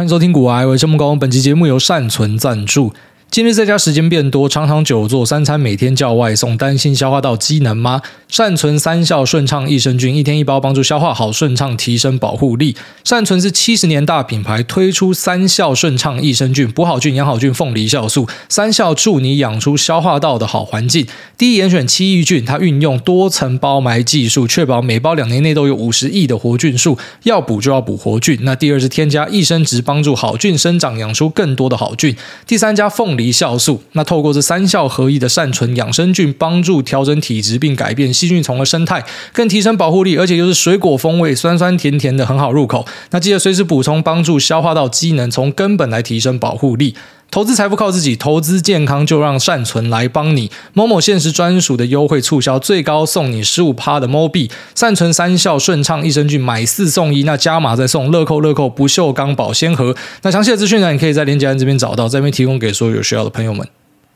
歡迎收聽股癌，我是孟恭，本期節目由善存贊助。今日在家時間變多，常常久坐，三餐每天叫外送，擔心消化道機能嗎？善存三效順暢益生菌，一天一包，幫助消化好、順暢，提升保護力。善存是七十年大品牌，推出三效順暢益生菌，補好菌、養好菌，鳳梨酵素三效助你養出消化道的好環境。第一，嚴選七益菌，它運用多層包埋技術，確保每包兩年內都有五十億的活菌數，要補就要補活菌。那第二是添加益生值，幫助好菌生長，養出更多的好菌。第三加鳳。離酵素，那透過這三效合一的善存養生菌，幫助調整體質，並改變細菌叢的生態，更提升保護力，而且又是水果風味，酸酸甜甜的，很好入口。那記得隨時補充，幫助消化道機能，從根本來提升保護力。投資財富靠自己，投資健康就讓善存來幫你。某某限時專屬的優惠促銷，最高送你十五趴的 mo 幣。善存三效順暢益生菌，買四送一，那加碼再送樂扣樂扣不鏽鋼保鮮盒。那詳細的資訊呢，你可以在連結欄這邊找到，在這邊提供給所有有需要的朋友們。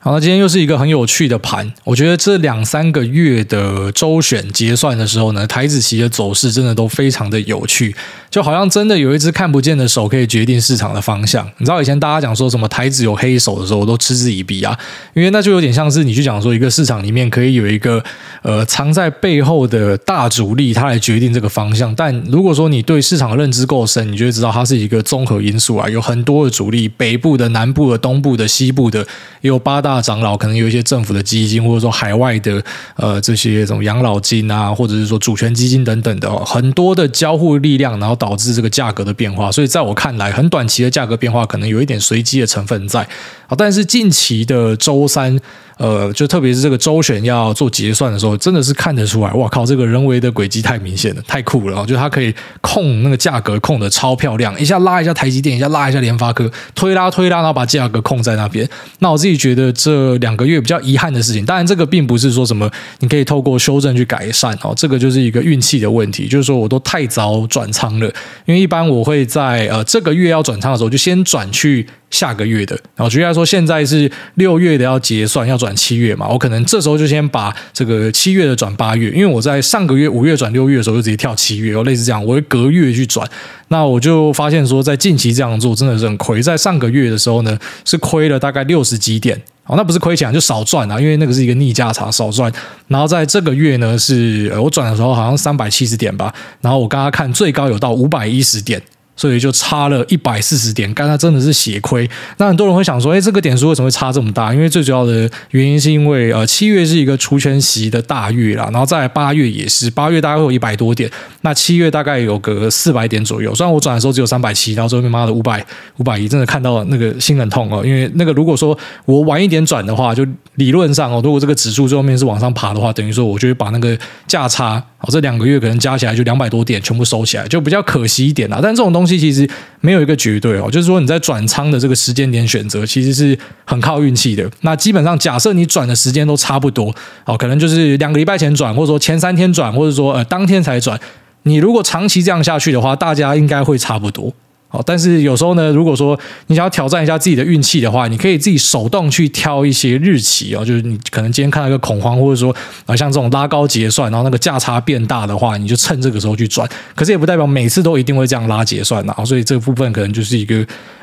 好，那今天又是一個很有趣的盤。我覺得這兩三個月的周選結算的時候呢，台指期的走勢真的都非常的有趣，就好像真的有一隻看不見的手可以決定市場的方向。你知道以前大家講說什麼台指有黑手的時候，我都嗤之以鼻啊，因為那就有點像是你去講說一個市場裡面可以有一個呃藏在背後的大主力，它來決定這個方向。但如果說你對市場的認知夠深，你就會知道它是一個綜合因素啊，有很多的主力，北部的、南部的、東部的、西部的，也有八大。大長老可能有一些政府的基金，或者說海外的呃這些什麼養老金啊，或者是說主權基金等等的，很多的交互力量，然後導致這個價格的變化。所以在我看來，很短期的價格變化可能有一點隨機的成分在。好，但是近期的週三。呃，就特別是這個周選要做結算的時候，真的是看得出來，哇靠，這個人為的軌跡太明顯了，太酷了喔，就它可以控那個價格控得超漂亮，一下拉一下台積電，一下拉一下聯發科，推拉推拉，然後把價格控在那邊。那我自己覺得這兩個月比較遺憾的事情，當然這個並不是說什麼你可以透過修正去改善哦、喔，這個就是一個運氣的問題，就是說我都太早轉倉了，因為一般我會在呃這個月要轉倉的時候就先轉去下個月的，然後舉例來說現在是六月的要結算要轉。轉七月嘛，我可能這時候就先把這個七月的轉八月，因為我在上個月五月轉六月的時候就直接跳七月，然後類似這樣，我會隔月去轉。那我就發現說，在近期這樣做真的是很虧。在上個月的時候呢，是虧了大概六十幾點，哦，那不是虧錢，就少賺啊，因為那個是一個逆價差少賺。然後在這個月呢，是我轉的時候好像三百七十點吧，然後我剛剛看最高有到五百一十點。所以就差了一百四十點，幹它真的是血虧。那很多人會想說，哎、欸，這個點數為什麼會差這麼大？因為最主要的原因是因為呃，七月是一個除權息的大月啦，然後在八月也是，八月大概會有一百多點，那七月大概有個四百點左右。雖然我轉的時候只有三百七，然後最後面媽的五百五百一，真的看到那個心很痛哦、喔。因為那個如果說我晚一點轉的話，就理論上哦、喔，如果這個指數最後面是往上爬的話，等於說我就會把那個價差。哦，這兩個月可能加起來就兩百多點，全部收起來，就比較可惜一點啦。但這種東西其實沒有一個絕對哦，就是說你在轉倉的這個時間點選擇，其實是很靠運氣的。那基本上，假設你轉的時間都差不多，哦，可能就是兩個禮拜前轉，或者說前三天轉，或者說呃當天才轉，你如果長期這樣下去的話，大家應該會差不多。哦，但是有時候呢，如果說你想要挑戰一下自己的運氣的話，你可以自己手動去挑一些日期哦，就是你可能今天看到一個恐慌，或者說啊像這種拉高結算，然後那個價差變大的話，你就趁這個時候去轉。可是也不代表每次都一定會這樣拉結算啊，所以這部分可能就是一個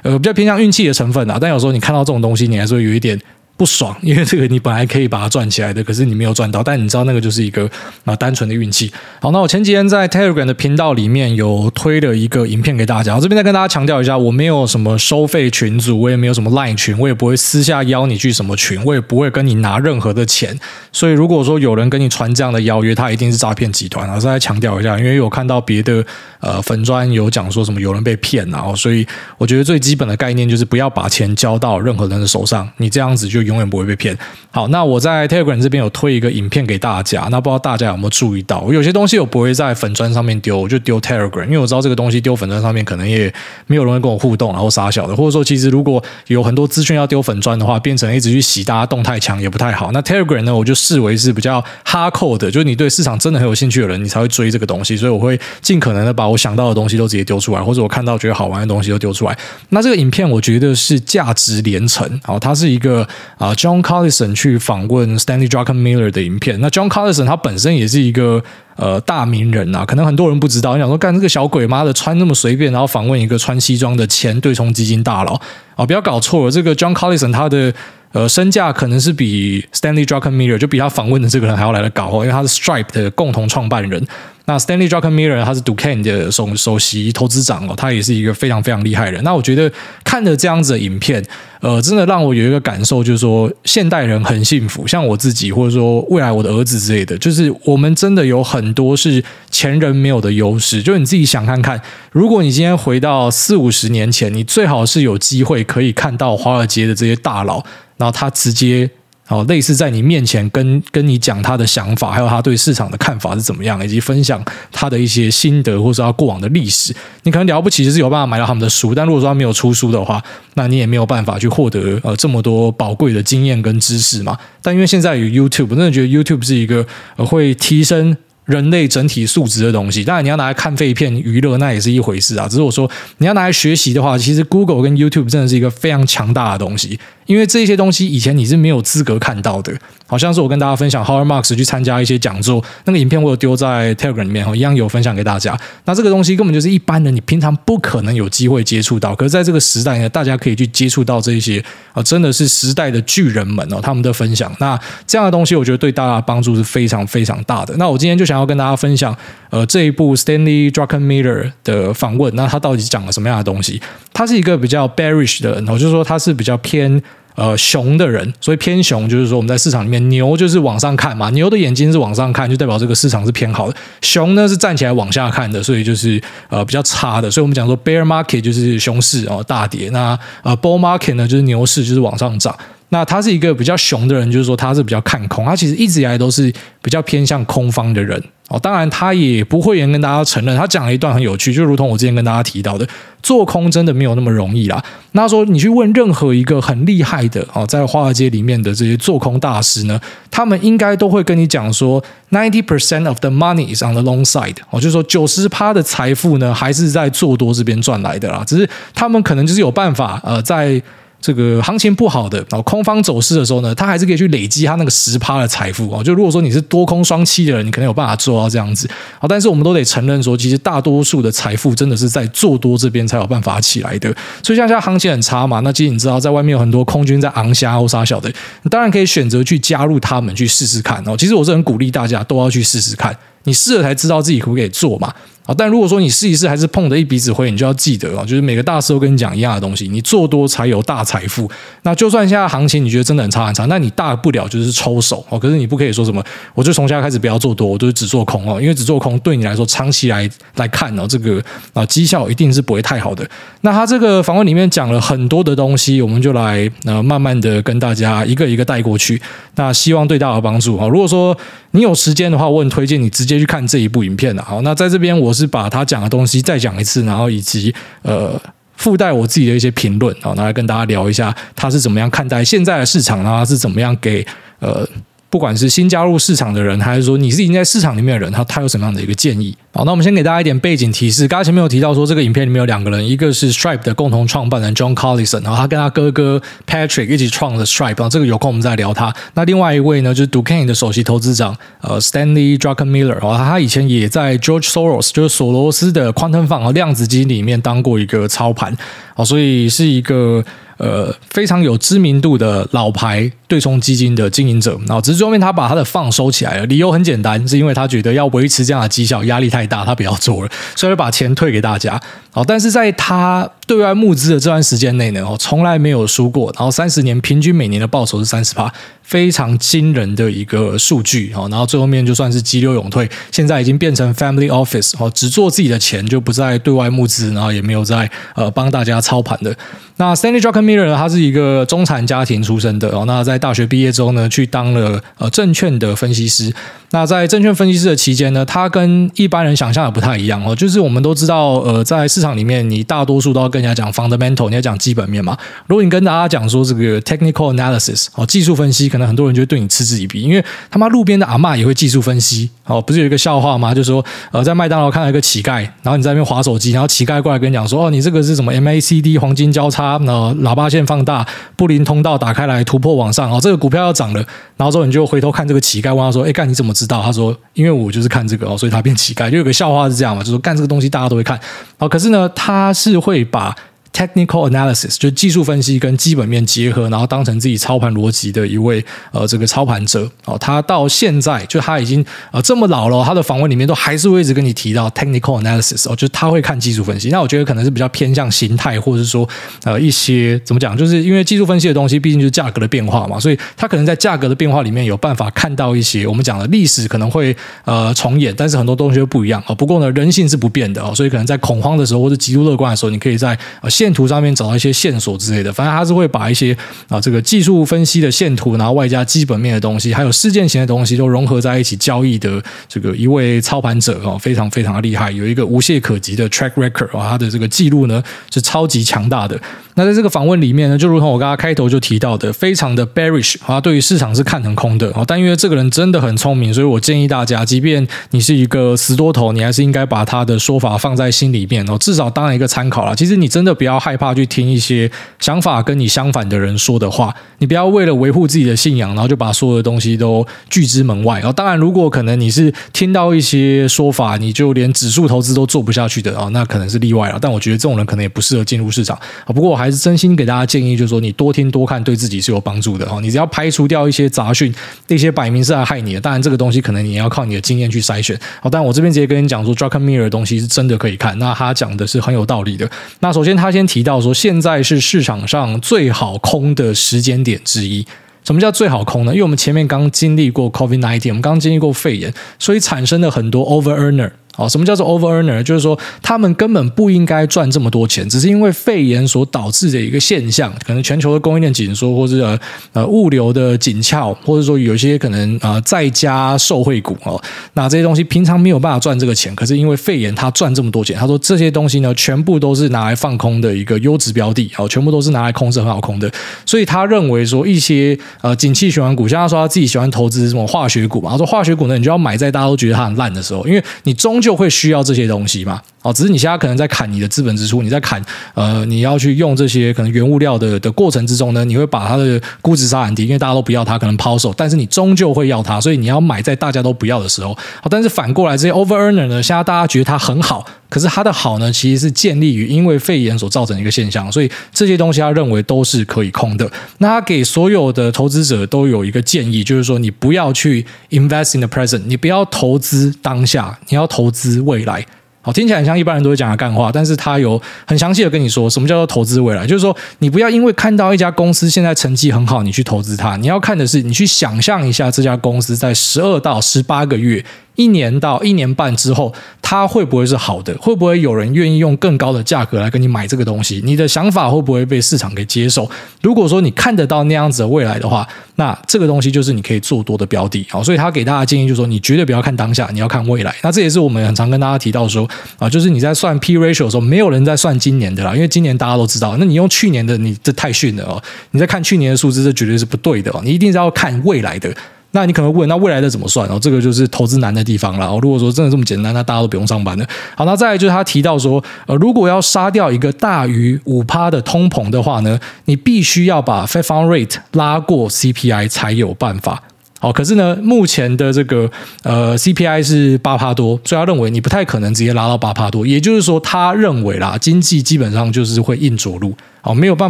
呃比較偏向運氣的成分啊。但有時候你看到這種東西，你還是會有一點。不爽，因為這個你本來可以把它賺起來的，可是你沒有賺到。但你知道那個就是一個啊單純的運氣。好，那我前幾天在 Telegram 的頻道裡面有推了一個影片給大家。我、哦、這邊再跟大家強調一下，我沒有什麼收費群組，我也沒有什麼賴群，我也不會私下邀你去什麼群，我也不會跟你拿任何的錢。所以如果說有人跟你傳這樣的邀約，他一定是詐騙集團。我、啊、再強調一下，因為有看到別的呃粉專有講說什麼有人被騙，然、啊、後所以我覺得最基本的概念就是不要把錢交到任何人的手上。你這樣子就。永遠不會被騙。好，那我在 Telegram 這邊有推一個影片給大家。那不知道大家有沒有注意到，有些東西我不會在粉磚上面丟，我就丟 Telegram，因為我知道這個東西丟粉磚上面可能也沒有人會跟我互動，然後傻笑的。或者說，其實如果有很多資訊要丟粉磚的話，變成一直去洗大家動態牆也不太好。那 Telegram 呢，我就視為是比較 hardcore 的，就是你對市場真的很有興趣的人，你才會追這個東西。所以我會盡可能的把我想到的東西都直接丟出來，或者我看到覺得好玩的東西都丟出來。那這個影片我覺得是價值連城，好，它是一個。啊，John Collison 去訪問 Stanley Druckenmiller 的影片。那 John Collison 他本身也是一個呃大名人吶、啊，可能很多人不知道。你想說，幹這個小鬼媽的穿那麼隨便，然後訪問一個穿西裝的前對沖基金大佬啊？不要搞錯了，這個 John Collison 他的呃身價可能是比 Stanley Druckenmiller，就比他訪問的這個人還要來的高，因為他是 Stripe 的共同創辦人。那 Stanley Druckenmiller 他是 Duquesne 的首首席投資長哦，他也是一個非常非常厲害的人。那我覺得看着這樣子的影片，呃，真的讓我有一個感受，就是說現代人很幸福，像我自己，或者說未來我的兒子之類的，就是我們真的有很多是前人沒有的優勢。就你自己想看看，如果你今天回到四五十年前，你最好是有機會可以看到華爾街的這些大佬，然後他直接。哦，類似在你面前跟跟你講他的想法，還有他對市場的看法是怎麼樣，以及分享他的一些心得，或者他過往的歷史。你可能了不起就是有辦法買到他們的書，但如果說他沒有出書的話，那你也沒有辦法去獲得呃，這麼多寶貴的經驗跟知識嘛。但因為現在有 YouTube，真的覺得 YouTube 是一個，呃，會提升人類整體素質的東西。當然，你要拿來看廢片娛樂，那也是一回事啊。只是我說，你要拿來學習的話，其實 Google 跟 YouTube 真的是一個非常強大的東西。因為這些東西以前你是沒有資格看到的好，好像是我跟大家分享 Howard Marks 去參加一些講座，那個影片我有丟在 Telegram 裡面，哦，一樣有分享給大家。那這個東西根本就是一般人你平常不可能有機會接觸到，可是在這個時代呢，大家可以去接觸到這些啊、呃，真的是時代的巨人們哦，他們的分享。那這樣的東西我覺得對大家的幫助是非常非常大的。那我今天就想要跟大家分享，呃，這一部 Stanley Druckenmiller 的訪問，那他到底講了什麼樣的東西？他是一個比較 Bearish 的人，我、哦、就是、說他是比較偏。呃，熊的人，所以偏熊就是說，我們在市場裡面，牛就是往上看嘛，牛的眼睛是往上看，就代表這個市場是偏好的。熊呢是站起來往下看的，所以就是呃比較差的。所以我們講說，bear market 就是熊市哦，大跌。那呃，bull market 呢就是牛市，就是往上漲。那他是一個比較熊的人，就是說他是比較看空。他其實一直以來都是比較偏向空方的人哦。當然，他也不諱言跟大家承認。他講了一段很有趣，就如同我之前跟大家提到的，做空真的沒有那麼容易啦。那說你去問任何一個很厲害的哦，在華爾街裡面的這些做空大師呢，他們應該都會跟你講說，ninety percent of the money is on the long side 哦，就是說九十趴的財富呢還是在做多這邊賺來的啦。只是他們可能就是有辦法呃在。這個行情不好的，空方走勢的時候呢，他還是可以去累積他那個十趴的財富哦，就如果說你是多空雙棲的人，你可能有辦法做到這樣子。但是我們都得承認說，其實大多數的財富真的是在做多這邊才有辦法起來的。所以像現在行情很差嘛，那其實你知道，在外面有很多空軍在昂蝦歐殺小的，當然可以選擇去加入他們去試試看哦。其實我是很鼓勵大家都要去試試看。你試了才知道自己可不可以做嘛啊！但如果說你試一試，還是碰的一鼻子灰，你就要記得哦，就是每個大師都跟你講一樣的東西，你做多才有大財富。那就算現在行情你覺得真的很差很差，那你大不了就是抽手哦。可是你不可以說什麼，我就從現在開始不要做多，我就是只做空哦，因為只做空對你來說，長期來來看哦，這個啊績效一定是不會太好的。那他這個訪問裡面講了很多的東西，我們就來呃慢慢的跟大家一個一個帶過去。那希望對大家有幫助啊！如果說你有時間的話，我很推薦你直接。接去看這一部影片了，好，那在這邊我是把他講的東西再講一次，然後以及呃附帶我自己的一些評論，好，拿來跟大家聊一下，他是怎麼樣看待現在的市場啊，是怎麼樣給呃。不管是新加入市場的人，還是說你是已經在市場裡面的人，他他有什麼樣的一個建議？好，那我們先給大家一點背景提示。剛才前面有提到說，這個影片裡面有兩個人，一個是 Stripe 的共同創辦人 John Collison，然後他跟他哥哥 Patrick 一起創了 Stripe。這個有空我們再聊他。那另外一位呢，就是 Duquesne 的首席投資長，呃，Stanley Druckenmiller，然後他以前也在 George Soros 就是索羅斯的 Quantum Fund 和量子基金裡面當過一個操盤，啊，所以是一個。呃，非常有知名度的老牌對沖基金的經營者，然後只是後面他把他的放收起來了，理由很簡單，是因為他覺得要維持這樣的績效，壓力太大，他不要做了，所以把錢退給大家。好，但是在他對外募資的這段時間內呢，從來沒有輸過，然後三十年平均每年的報酬是三十趴。非常驚人的一個數據，然後最後面就算是激流勇退，現在已經變成 Family Office 哦，只做自己的錢，就不再對外募資，然後也沒有在呃幫大家操盤的。那 Stanley Druckenmiller 他是一個中產家庭出身的哦，那在大學畢業之後呢，去當了呃證券的分析師。那在證券分析師的期間呢，他跟一般人想象的不太一樣哦。就是我們都知道，呃，在市場裡面，你大多數都要跟人家講 fundamental，你要講基本面嘛。如果你跟大家講說這個 technical analysis，哦，技術分析，可能很多人就會對你嗤之以鼻，因為他媽路邊的阿嬤也會技術分析哦。不是有一個笑話嗎？就是說，呃，在麥當勞看到一個乞丐，然後你在那邊滑手機，然後乞丐過來跟你講說，哦，你這個是什麼 MACD 黃金交叉，然後喇叭線放大，布林通道打開來突破往上，哦，這個股票要漲了。然後之後你就回頭看這個乞丐，問他說，哎，幹你怎麼？知道，他說，因為我就是看這個哦，所以他變乞丐。就有個笑話是這樣嘛，就是說幹這個東西大家都會看哦，可是呢，他是會把。Technical analysis 就技術分析跟基本面結合，然後當成自己操盤邏輯的一位呃這個操盤者哦，他到現在就他已經呃這麼老了，他的訪問裡面都還是會一直跟你提到 Technical analysis 哦，就他會看技術分析。那我覺得可能是比較偏向形態，或者是說呃一些怎麼講，就是因為技術分析的東西畢竟就是價格的變化嘛，所以他可能在價格的變化裡面有辦法看到一些我們講的歷史可能會呃重演，但是很多東西都不一樣哦，不過呢，人性是不變的哦，所以可能在恐慌的時候或者極度樂觀的時候，你可以在，呃線圖上面找到一些線索之類的，反正他是會把一些啊這個技術分析的線圖，然後外加基本面的東西，還有事件型的東西都融合在一起交易的這個一位操盤者哦，非常非常的厲害，有一個無懈可擊的 track record 啊、哦，他的這個記錄呢是超級強大的。那在這個訪問裡面呢，就如同我剛剛開頭就提到的，非常的 bearish 啊，對於市場是看成空的啊、哦。但因為這個人真的很聰明，所以我建議大家，即便你是一個死多頭，你還是應該把他的說法放在心裡面哦，至少當一個參考啦。其實你真的不要害怕去聽一些想法跟你相反的人說的話，你不要為了維護自己的信仰，然後就把所有的東西都拒之門外啊、哦。當然，如果可能你是聽到一些說法，你就連指數投資都做不下去的哦，那可能是例外了。但我覺得這種人可能也不適合進入市場啊、哦。不過我還。真心給大家建議，就是說你多聽多看，對自己是有幫助的哈。你只要排除掉一些雜訊，那些擺明是來害你的。當然，這個東西可能你要靠你的經驗去篩選。好，但我這邊直接跟你講說 Druckenmiller 的東西是真的可以看。那他講的是很有道理的。那首先，他先提到說，現在是市場上最好空的時間點之一。什麼叫最好空呢？因為我們前面剛經歷過 COVID-19，我們剛經歷過肺炎，所以產生了很多 over earner。哦，什麼叫做 over earner？就是說他們根本不應該賺這麼多錢，只是因為肺炎所導致的一個現象，可能全球的供應鏈緊縮，或者呃物流的緊俏，或者說有些可能啊在家受惠股哦，那這些東西平常沒有辦法賺這個錢，可是因為肺炎他賺這麼多錢。他說這些東西呢，全部都是拿來放空的一個優質標的啊，全部都是拿來空，是很好空的，所以他認為說一些呃景氣循環股，像他說他自己喜歡投資什麼化學股嘛，他說化學股呢，你就要買在大家都覺得它很爛的時候，因為你中。就會需要這些東西嘛？哦，只是你現在可能在砍你的資本支出，你在砍呃，你要去用這些可能原物料的的過程之中呢，你會把它的估值殺很低，因為大家都不要它，可能拋售。但是你終究會要它，所以你要買在大家都不要的時候。好，但是反過來這些 over earner 呢，現在大家覺得它很好，可是它的好呢，其實是建立於因為肺炎所造成的一個現象，所以這些東西他認為都是可以空的。那他給所有的投資者都有一個建議，就是說你不要去 invest in the present，你不要投資當下，你要投。資未來，好聽起來很像一般人都會講的幹話，但是他有很詳細的跟你說，什麼叫做投資未來，就是說你不要因為看到一家公司現在成績很好，你去投資它，你要看的是你去想象一下這家公司在十二到十八個月。一年到一年半之後，它會不會是好的？會不會有人願意用更高的價格來跟你買這個東西？你的想法會不會被市場給接受？如果說你看得到那樣子的未來的話，那這個東西就是你可以做多的標的。所以他給大家建議就是說，你絕對不要看當下，你要看未來。那這也是我們很常跟大家提到說啊，就是你在算 P ratio 的時候，沒有人在算今年的啦，因為今年大家都知道。那你用去年的，你這太遜了哦。你在看去年的數字，這絕對是不對的哦。你一定是要看未來的。那你可能問，那未來的怎麼算？然後，哦，這個就是投資難的地方了。哦，如果說真的這麼簡單，那大家都不用上班了。好，那再來就是他提到說，呃，如果要殺掉一個大於五趴的通膨的話呢，你必須要把 Fed funds rate 拉過 CPI 才有辦法。哦，可是呢，目前的這個呃 CPI 是八趴多，所以他認為你不太可能直接拉到八趴多，也就是說，他認為啦，經濟基本上就是會硬着陸，哦，沒有辦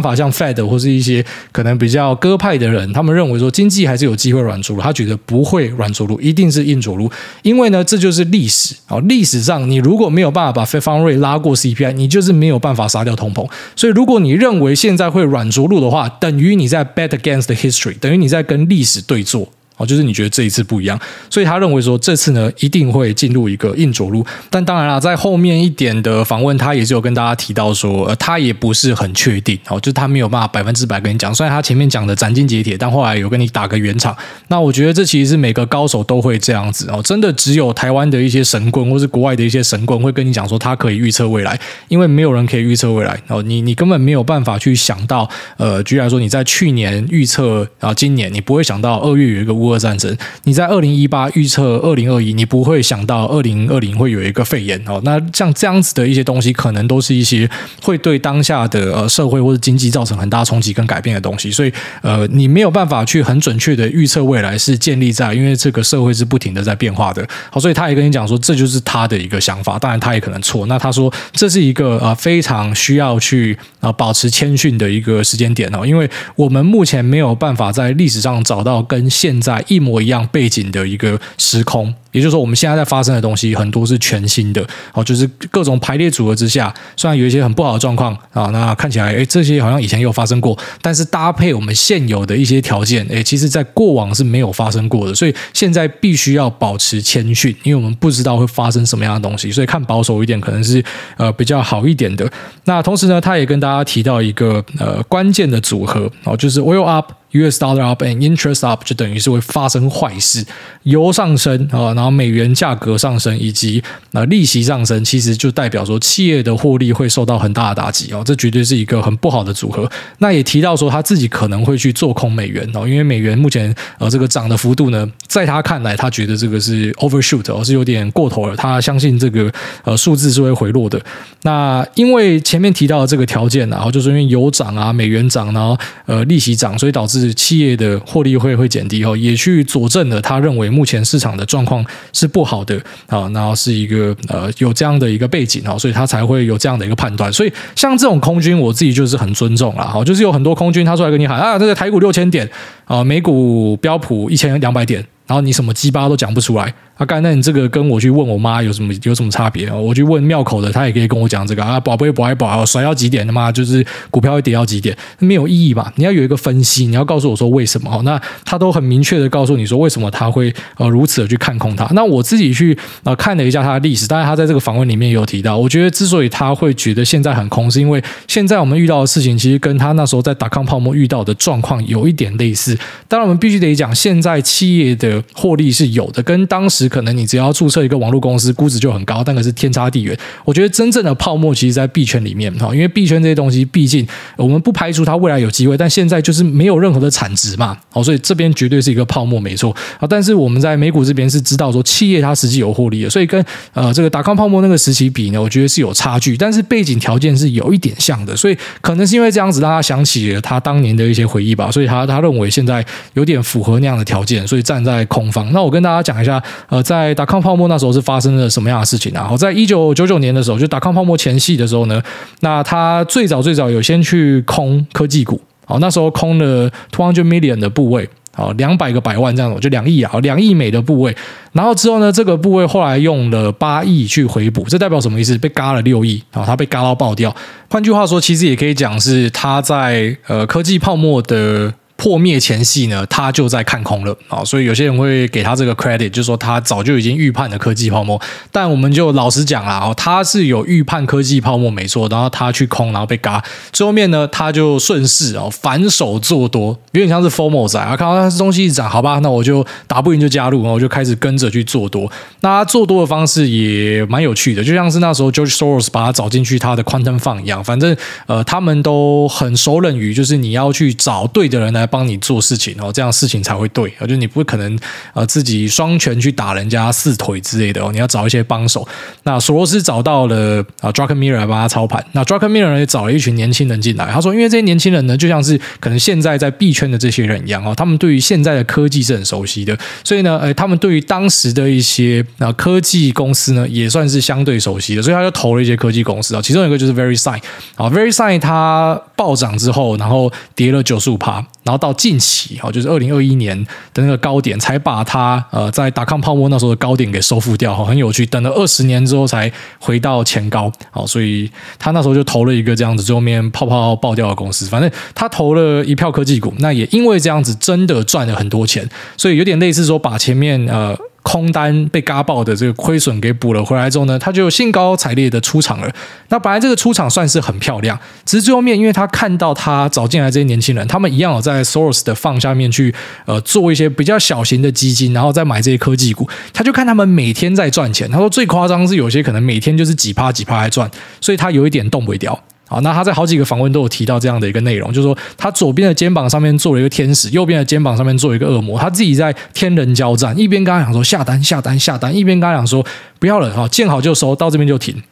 法像 Fed 或是一些可能比較鴿派的人，他們認為說經濟還是有機會軟着陸，他覺得不會軟着陸，一定是硬着陸，因為呢，這就是歷史，哦，歷史上你如果沒有辦法把 Fed fund rate 拉過 CPI，你就是沒有辦法殺掉通膨，所以如果你認為現在會軟着陸的話，等於你在 bet against the history，等於你在跟歷史對坐。就是你覺得這一次不一樣，所以他認為說這次呢一定會進入一個硬着陸。但當然啦，在後面一點的訪問，他也是有跟大家提到說，呃，他也不是很確定哦，就他沒有辦法百分之百跟你講。雖然他前面講的斬釘截鐵，但後來有跟你打個圓場。那我覺得這其實是每個高手都會這樣子哦，真的只有台灣的一些神棍，或是國外的一些神棍會跟你講說他可以預測未來，因為沒有人可以預測未來哦，你你根本沒有辦法去想到，呃，居然說你在去年預測，然後今年你不會想到二月有一個烏俄戰爭，你在二零一八預測二零二一，你不會想到二零二零會有一個肺炎哦。那像這樣子的一些東西，可能都是一些會對當下的呃社會或者經濟造成很大衝擊跟改變的東西。所以呃，你沒有辦法去很準確的預測未來，是建立在因為這個社會是不停的在變化的。好，所以他也跟你講說，這就是他的一個想法。當然，他也可能錯。那他說這是一個呃非常需要去啊保持謙遜的一個時間點哦，因為我們目前沒有辦法在歷史上找到跟現在。啊，一模一樣背景的一個時空，也就是說，我們現在在發生的東西很多是全新的，哦，就是各種排列組合之下，雖然有一些很不好的狀況啊，那看起來，這些好像以前有發生過，但是搭配我們現有的一些條件，其實，在過往是沒有發生過的，所以現在必須要保持謙遜，因為我們不知道會發生什麼樣的東西，所以看保守一點可能是呃比較好一點的。那同時呢，他也跟大家提到一個呃關鍵的組合，哦，就是 Will Up。US dollar up and interest up 就等於是會發生壞事，油上升啊，然後美元價格上升以及啊、呃、利息上升，其實就代表說企業的獲利會受到很大的打擊哦，這絕對是一個很不好的組合。那也提到說他自己可能會去做空美元哦，因為美元目前呃這個漲的幅度呢，在他看來，他覺得這個是 overshoot，哦，是有點過頭了。他相信這個呃數字是會回落的。那因為前面提到的這個條件啊，然後就是因為油漲啊、美元漲然後呃利息漲，所以導致。是企業的獲利會會減低哦，也去佐證了他認為目前市場的狀況是不好的啊，然後是一個呃有這樣的一個背景哦，所以他才會有這樣的一個判斷。所以像這種空軍，我自己就是很尊重了，好，就是有很多空軍他出來跟你喊啊，這個台股六千點啊，美股標普一千兩百點，然後你什麼雞巴都講不出來。啊，幹那你這個跟我去問我媽有什麼有什麼差別哦，我去問廟口的，他也可以跟我講這個啊。寶貝，不愛寶甩到幾點的嘛？就是股票會跌到幾點，沒有意義吧？你要有一個分析，你要告訴我說為什麼？那他都很明確的告訴你說為什麼他會呃如此的去看空它。那我自己去看了一下他的歷史，當然他在這個訪問裡面也有提到，我覺得之所以他會覺得現在很空，是因為現在我們遇到的事情其實跟他那時候在達康泡沫遇到的狀況有一點類似。當然我們必須得講，現在企業的獲利是有的，跟當時。可能你只要注冊一個網絡公司，估值就很高，但可是天差地遠。我覺得真正的泡沫其實在幣圈裡面哈，因為幣圈這些東西，畢竟我們不排除它未來有機會，但現在就是沒有任何的產值嘛，好，所以這邊絕對是一個泡沫，沒錯，但是我們在美股這邊是知道說，企業它實際有獲利的，所以跟呃這個達康泡沫那個時期比呢，我覺得是有差距，但是背景條件是有一點像的，所以可能是因為這樣子，讓他想起了他當年的一些回憶吧，所以他他認為現在有點符合那樣的條件，所以站在空方。那我跟大家講一下。呃，在達康泡沫那時候是發生了什麼樣的事情啊？好，在一九九九年的時候，就達康泡沫前夕的時候呢，那他最早最早有先去空科技股，好，那時候空了 two hundred million 的部位，好，兩百個百萬這樣的，就兩億啊，兩億美的部位。然後之後呢，這個部位後來用了八億去回補，這代表什麼意思？被嘎了六億啊，他被嘎到爆掉。換句話說，其實也可以講是他在呃科技泡沫的。破滅前夕呢，他就在看空了啊，所以有些人會給他這個 credit，就是說他早就已經預判了科技泡沫。但我們就老實講啦，他是有預判科技泡沫沒錯，然後他去空，然後被嘎。最後面呢，他就順勢哦，反手做多，有點像是 FOMO 仔，啊，看到他是東西一漲，好吧，那我就打不贏就加入，我就開始跟着去做多。那他做多的方式也蠻有趣的，就像是那時候 George Soros 把他找進去他的 Quantum Fund 一樣。反正呃，他們都很熟稔於，就是你要去找對的人來。幫你做事情然後、哦、這樣事情才會對。啊、就是你不可能啊、呃、自己雙拳去打人家四腿之類的哦。你要找一些幫手。那索羅斯找到了啊 Druckenmiller 來幫他操盤。那 Druckenmiller 也找了一群年輕人進來。他說，因為這些年輕人呢，就像是可能現在在幣圈的這些人一樣哦。他們對於現在的科技是很熟悉的，所以呢，哎，他們對於當時的一些啊科技公司呢，也算是相對熟悉的。所以他就投了一些科技公司啊，其中一個就是 VeriSign 啊，VeriSign 它暴漲之後，然後跌了九十五趴。然後到近期，好，就是二零二一年的那個高點，才把它呃在達康泡沫那時候的高點給收復掉，好，很有趣。等了二十年之後才回到前高，好，所以他那時候就投了一個這樣子，最後面泡泡爆掉的公司。反正他投了一票科技股，那也因為這樣子真的賺了很多錢，所以有點類似說把前面呃。空單被嘎爆的這個虧損給補了回來之後呢，他就興高采烈的出場了。那本來這個出場算是很漂亮，只是最後面，因為他看到他找進來這些年輕人，他們一樣有在 source 的放下面去，呃，做一些比較小型的基金，然後再買這些科技股，他就看他們每天在賺錢。他說最誇張是有些可能每天就是幾趴幾趴來賺，所以他有一點動不掉。啊，那他在好幾個訪問都有提到這樣的一個內容，就是說他左邊的肩膀上面坐了一個天使，右邊的肩膀上面坐了一個惡魔，他自己在天人交戰，一邊跟他講說下單下單下單，一邊跟他講說不要了哈，見好就收，到這邊就停。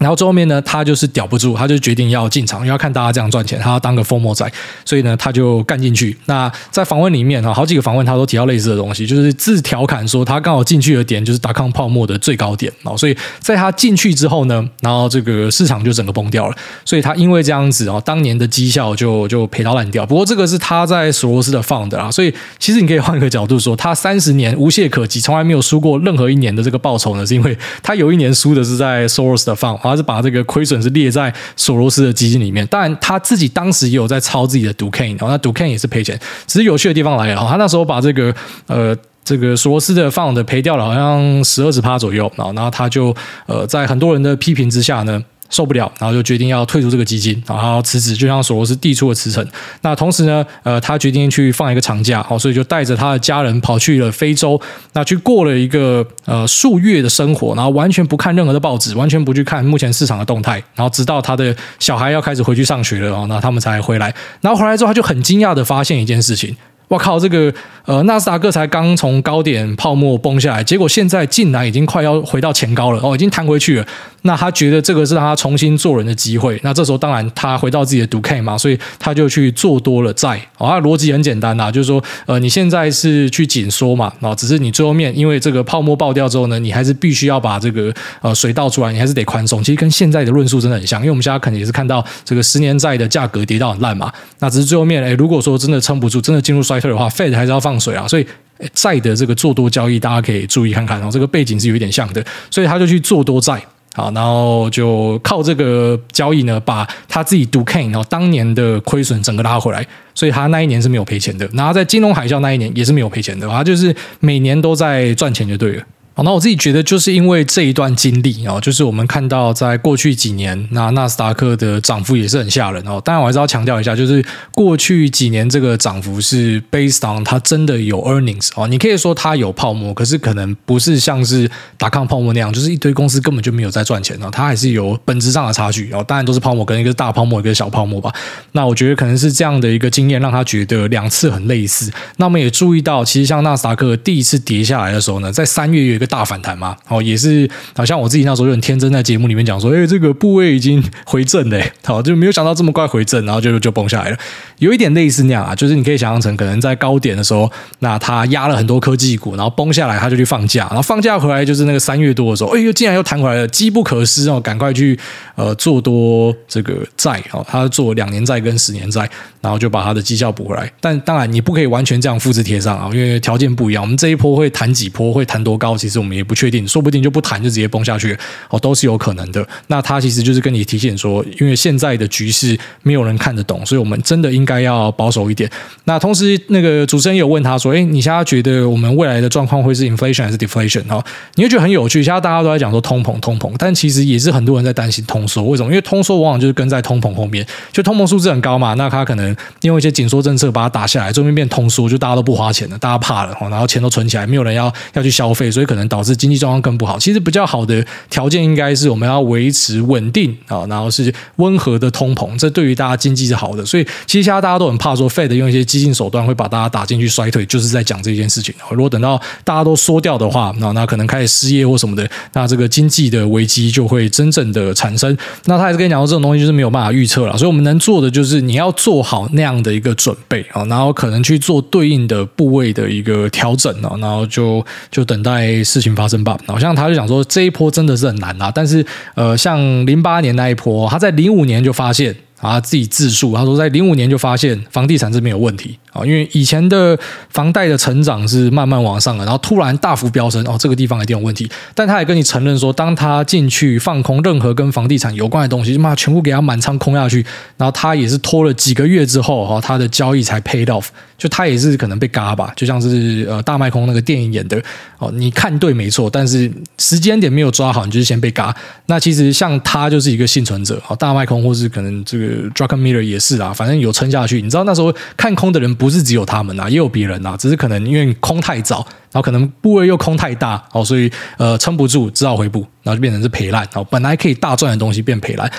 然後最後面呢，他就是屌不住，他就決定要進場，因為要看大家這樣賺錢，他要當個 FOMO 仔，所以呢，他就幹進去。那在訪問裡面呢，好幾個訪問他都提到類似的東西，就是自調侃說他剛好進去的點就是達康泡沫的最高點哦，所以在他進去之後呢，然後這個市場就整個崩掉了，所以他因為這樣子啊，當年的績效就就賠到爛掉。不過這個是他在索羅斯的 fund 的啊，所以其實你可以換一個角度說，他三十年無懈可擊，從來沒有輸過任何一年的這個報酬呢，是因為他有一年輸的是在索羅斯的 fund。他是把這個虧損是列在索羅斯的基金裡面，當然他自己當時也有在抄自己的 Duquesne，然後那 Duquesne 也是賠錢，只是有趣的地方來了，哦，他那時候把這個呃這個索羅斯的 fund 賠掉了，好像十二十趴左右，然後然後他就呃在很多人的批評之下呢。受不了，然後就決定要退出這個基金，然後辭職，就像索羅斯遞出了辭呈。那同時呢，呃，他決定去放一個長假，好、哦，所以就帶着他的家人跑去了非洲，那去過了一個呃數月的生活，然後完全不看任何的報紙，完全不去看目前市場的動態，然後直到他的小孩要開始回去上學了，哦，然後他們才回來。然後回來之後，他就很驚訝地發現一件事情，我靠，這個呃納斯達克才剛從高點泡沫崩下來，結果現在竟然已經快要回到前高了，哦，已經彈回去了。那他覺得這個是讓他重新做人的機會。那這時候當然他回到自己的 Duquesne 嘛，所以他就去做多了債啊、哦。他的邏輯很簡單啊，就是說呃，你現在是去緊縮嘛啊,只是你最後面因為這個泡沫爆掉之後呢，你還是必須要把這個呃水倒出來，你還是得寬鬆。其實跟現在的論述真的很像，因為我們現在可能也是看到這個十年債的價格跌到很爛嘛。那只是最後面、哎、如果說真的撐不住，真的進入衰退的話，Fed 還是要放水啊。所以、哎、債的這個做多交易，大家可以注意看看哦。這個背景是有點像的，所以他就去做多債。好，然後就靠這個交易呢，把他自己杜 K 然後當年的虧損整個拉回來，所以他那一年是沒有賠錢的。然後在金融海嘯那一年也是沒有賠錢的，他就是每年都在賺錢就對了。那我自己覺得，就是因為這一段經歷，哦，就是我們看到在過去幾年，那納斯達克的漲幅也是很嚇人哦。當然，我還是要強調一下，就是過去幾年這個漲幅是 based on 它真的有 earnings 哦。你可以說它有泡沫，可是可能不是像是達康泡沫那樣，就是一堆公司根本就沒有在賺錢哦。它還是有本質上的差距哦。當然，都是泡沫，跟一個大泡沫，一個小泡沫吧。那我覺得可能是這樣的一個經驗，讓他覺得兩次很類似。那我們也注意到，其實像納斯達克第一次跌下來的時候呢，在三月有一個。大反彈嘛，哦，也是，好像我自己那時候有很天真，在節目裡面講說，哎、欸，這個部位已經回正嘞、欸，好，就沒有想到這麼快回正，然後就就崩下來了。有一點類似那樣啊，就是你可以想象成，可能在高點的時候，那他壓了很多科技股，然後崩下來，他就去放假，然後放假回來就是那個三月多的時候，哎、欸、呦，竟然又彈回來了，機不可失哦，趕快去呃做多這個債哦，他做兩年債跟十年債，然後就把他的績效補回來。但當然你不可以完全這樣複製貼上啊，因為條件不一樣。我們這一波會彈幾波，會彈多高？其實。其實我們也不確定，說不定就不談，就直接崩下去哦，都是有可能的。那他其實就是跟你提醒說，因為現在的局勢沒有人看得懂，所以我們真的應該要保守一點。那同時，那個主持人也有問他說：“哎，你現在覺得我們未來的狀況會是 inflation 還是 deflation？” 哦，你會覺得很有趣。現在大家都在講說通膨，通膨，但其實也是很多人在擔心通縮。為什麼？因為通縮往往就是跟在通膨後面，就通膨數字很高嘛，那他可能因為一些緊縮政策把它打下來，最後面變通縮，就大家都不花錢了，大家怕了，然後錢都存起來，沒有人要要去消費，所以可能。可能導致經濟狀況更不好。其實比較好的條件應該是我們要維持穩定啊，然後是溫和的通膨，這對於大家經濟是好的。所以其實現在大家都很怕說 Fed 用一些激進手段會把大家打進去衰退，就是在講這件事情。如果等到大家都縮掉的話，那那可能開始失業或什麼的，那這個經濟的危機就會真正的產生。那他還是跟你講說，這種東西就是沒有辦法預測了。所以我們能做的就是你要做好那樣的一個準備啊，然後可能去做對應的部位的一個調整啊，然後就就等待事情發生吧，好像他就想說，這一波真的是很難啊，但是呃，像零八年那一波，他在零五年就發現。啊，他自己自述，他說在零五年就發現房地產這邊有問題啊，因為以前的房貸的成長是慢慢往上的，然後突然大幅飆升哦，這個地方一定有問題。但他也跟你承認說，當他進去放空任何跟房地產有關的東西，就馬上全部給他滿倉空下去，然後他也是拖了幾個月之後哈，他的交易才 paid off，就他也是可能被嘎吧，就像是呃大賣空那個電影演的哦，你看對沒錯，但是時間點沒有抓好，你就是先被嘎。那其實像他就是一個倖存者，好，大賣空或是可能這個。Druckenmiller 也是啊，反正有撐下去。你知道那時候看空的人不是只有他們啊，也有別人啊。只是可能因為空太早，然後可能部位又空太大，哦，所以呃撐不住，只好回補，然後就變成是賠爛。哦，本來可以大賺的東西變賠爛。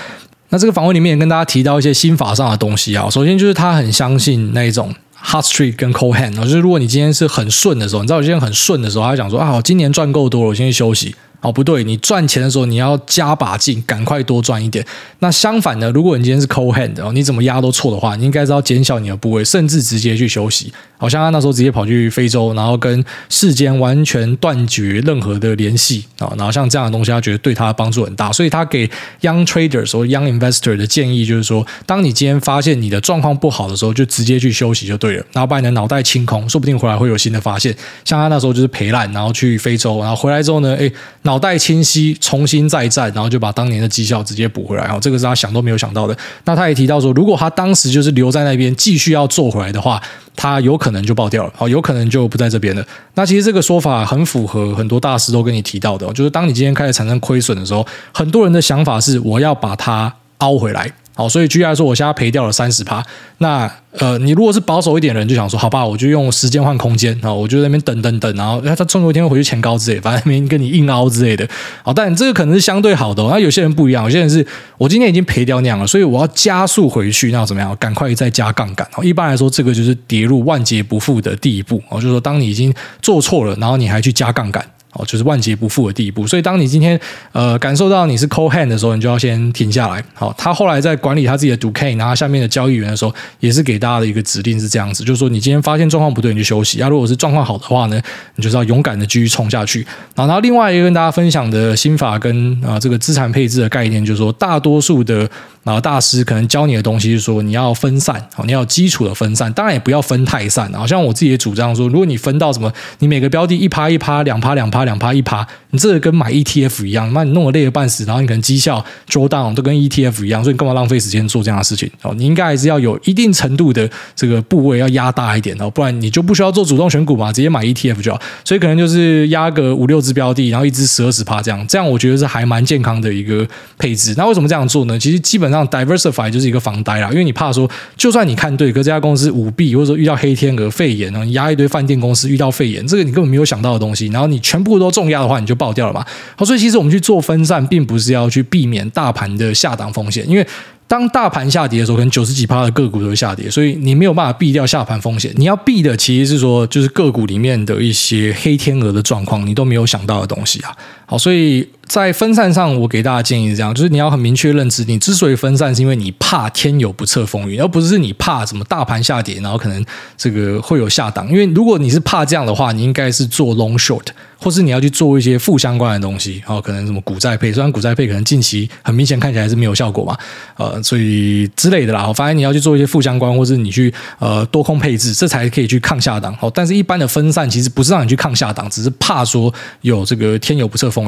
那這個訪問裡面也跟大家提到一些心法上的東西啊。首先就是他很相信那一種 hot streak 跟 cold hand 就是如果你今天是很順的時候，你知道我今天很順的時候，他就講說啊，我今年賺夠多了，我先去休息。哦，不對，你賺錢的時候你要加把勁，趕快多賺一點。那相反呢，如果你今天是 cold hand 哦，你怎麼壓都錯的話，你應該是要減小你的部位，甚至直接去休息。好像他那時候直接跑去非洲，然後跟世間完全斷絕任何的聯繫啊，然後像這樣的東西，他覺得對他的幫助很大，所以他給 Young Trader 時候 Young Investor 的建議就是說，當你今天發現你的狀況不好的時候，就直接去休息就對了，然後把你的腦袋清空，說不定回來會有新的發現。像他那時候就是賠爛，然後去非洲，然後回來之後呢，誒，腦袋清晰，重新再戰，然後就把當年的績效直接補回來，然後這個是他想都沒有想到的。那他也提到說，如果他當時就是留在那邊繼續要做回來的話。它有可能就爆掉了，好，有可能就不在這邊了。那其實這個說法很符合很多大師都跟你提到的哦，就是當你今天開始產生虧損的時候，很多人的想法是我要把它凹回來。好，所以舉例來說，我現在賠掉了三十趴。那呃，你如果是保守一點的人，就想說，好吧，我就用時間換空間啊，我就在那邊等等等，然後他終有一天會回去前高之類，反正沒人跟你硬凹之類的。好，但這個可能是相對好的、哦。那有些人不一樣，有些人是我今天已經賠掉那樣了，所以我要加速回去，那要怎麼樣？趕快再加槓桿。一般來說，這個就是跌入萬劫不復的第一步。我就是說，當你已經做錯了，然後你還去加槓桿。哦，就是萬劫不復的地步。所以，當你今天呃感受到你是 c o l hand 的時候，你就要先停下來。好，他後來在管理他自己的 duke，然後下面的交易員的時候，也是給大家的一個指令是這樣子，就是說你今天發現狀況不對，你就休息。那、啊、如果是狀況好的話呢，你就是要勇敢的繼續衝下去。然後，然後另外一個跟大家分享的心法跟啊、呃、這個資產配置的概念，就是說大多數的。然後大師可能教你的東西就是說，你要分散，好，你要有基礎的分散，當然也不要分太散。好像我自己也主張說，如果你分到什麼，你每個標的一趴一趴，兩趴兩趴，兩趴一趴。你這個跟買 ETF 一樣，那你弄得累個半死，然後你可能績效 draw down 都跟 ETF 一樣，所以你干嘛浪費時間做這樣的事情哦？你應該還是要有一定程度的這個部位要壓大一點哦，不然你就不需要做主動選股嘛，直接買 ETF 就好。所以可能就是壓個五六只標的，然後一只十二十趴這樣，這樣我覺得是還蠻健康的一個配置。那為什麼這樣做呢？其實基本上 diversify 就是一個防呆啦，因為你怕說就算你看對，可是這家公司舞弊，或者說遇到黑天鵝肺炎呢，你壓一堆飯店公司遇到肺炎，這個你根本沒有想到的東西，然後你全部都重壓的話，你就爆掉了嘛？好，所以其實我們去做分散，並不是要去避免大盤的下檔風險，因為當大盤下跌的時候，可能九十幾趴的個股都會下跌，所以你沒有辦法避掉下盤風險。你要避的其實是說，就是個股裡面的一些黑天鵝的狀況，你都沒有想到的東西啊。好，所以在分散上，我給大家建議是這樣，就是你要很明確認知，你之所以分散，是因為你怕天有不測風雲，而不是你怕什麼大盤下跌，然後可能這個會有下檔。因為如果你是怕這樣的話，你應該是做 long short，或是你要去做一些負相關的東西，然後可能什麼股債配，雖然股債配可能近期很明顯看起來是沒有效果嘛，呃，所以之類的啦。反正你要去做一些負相關，或是你去呃多空配置，這才可以去抗下檔。好，但是一般的分散其實不是讓你去抗下檔，只是怕說有這個天有不測風。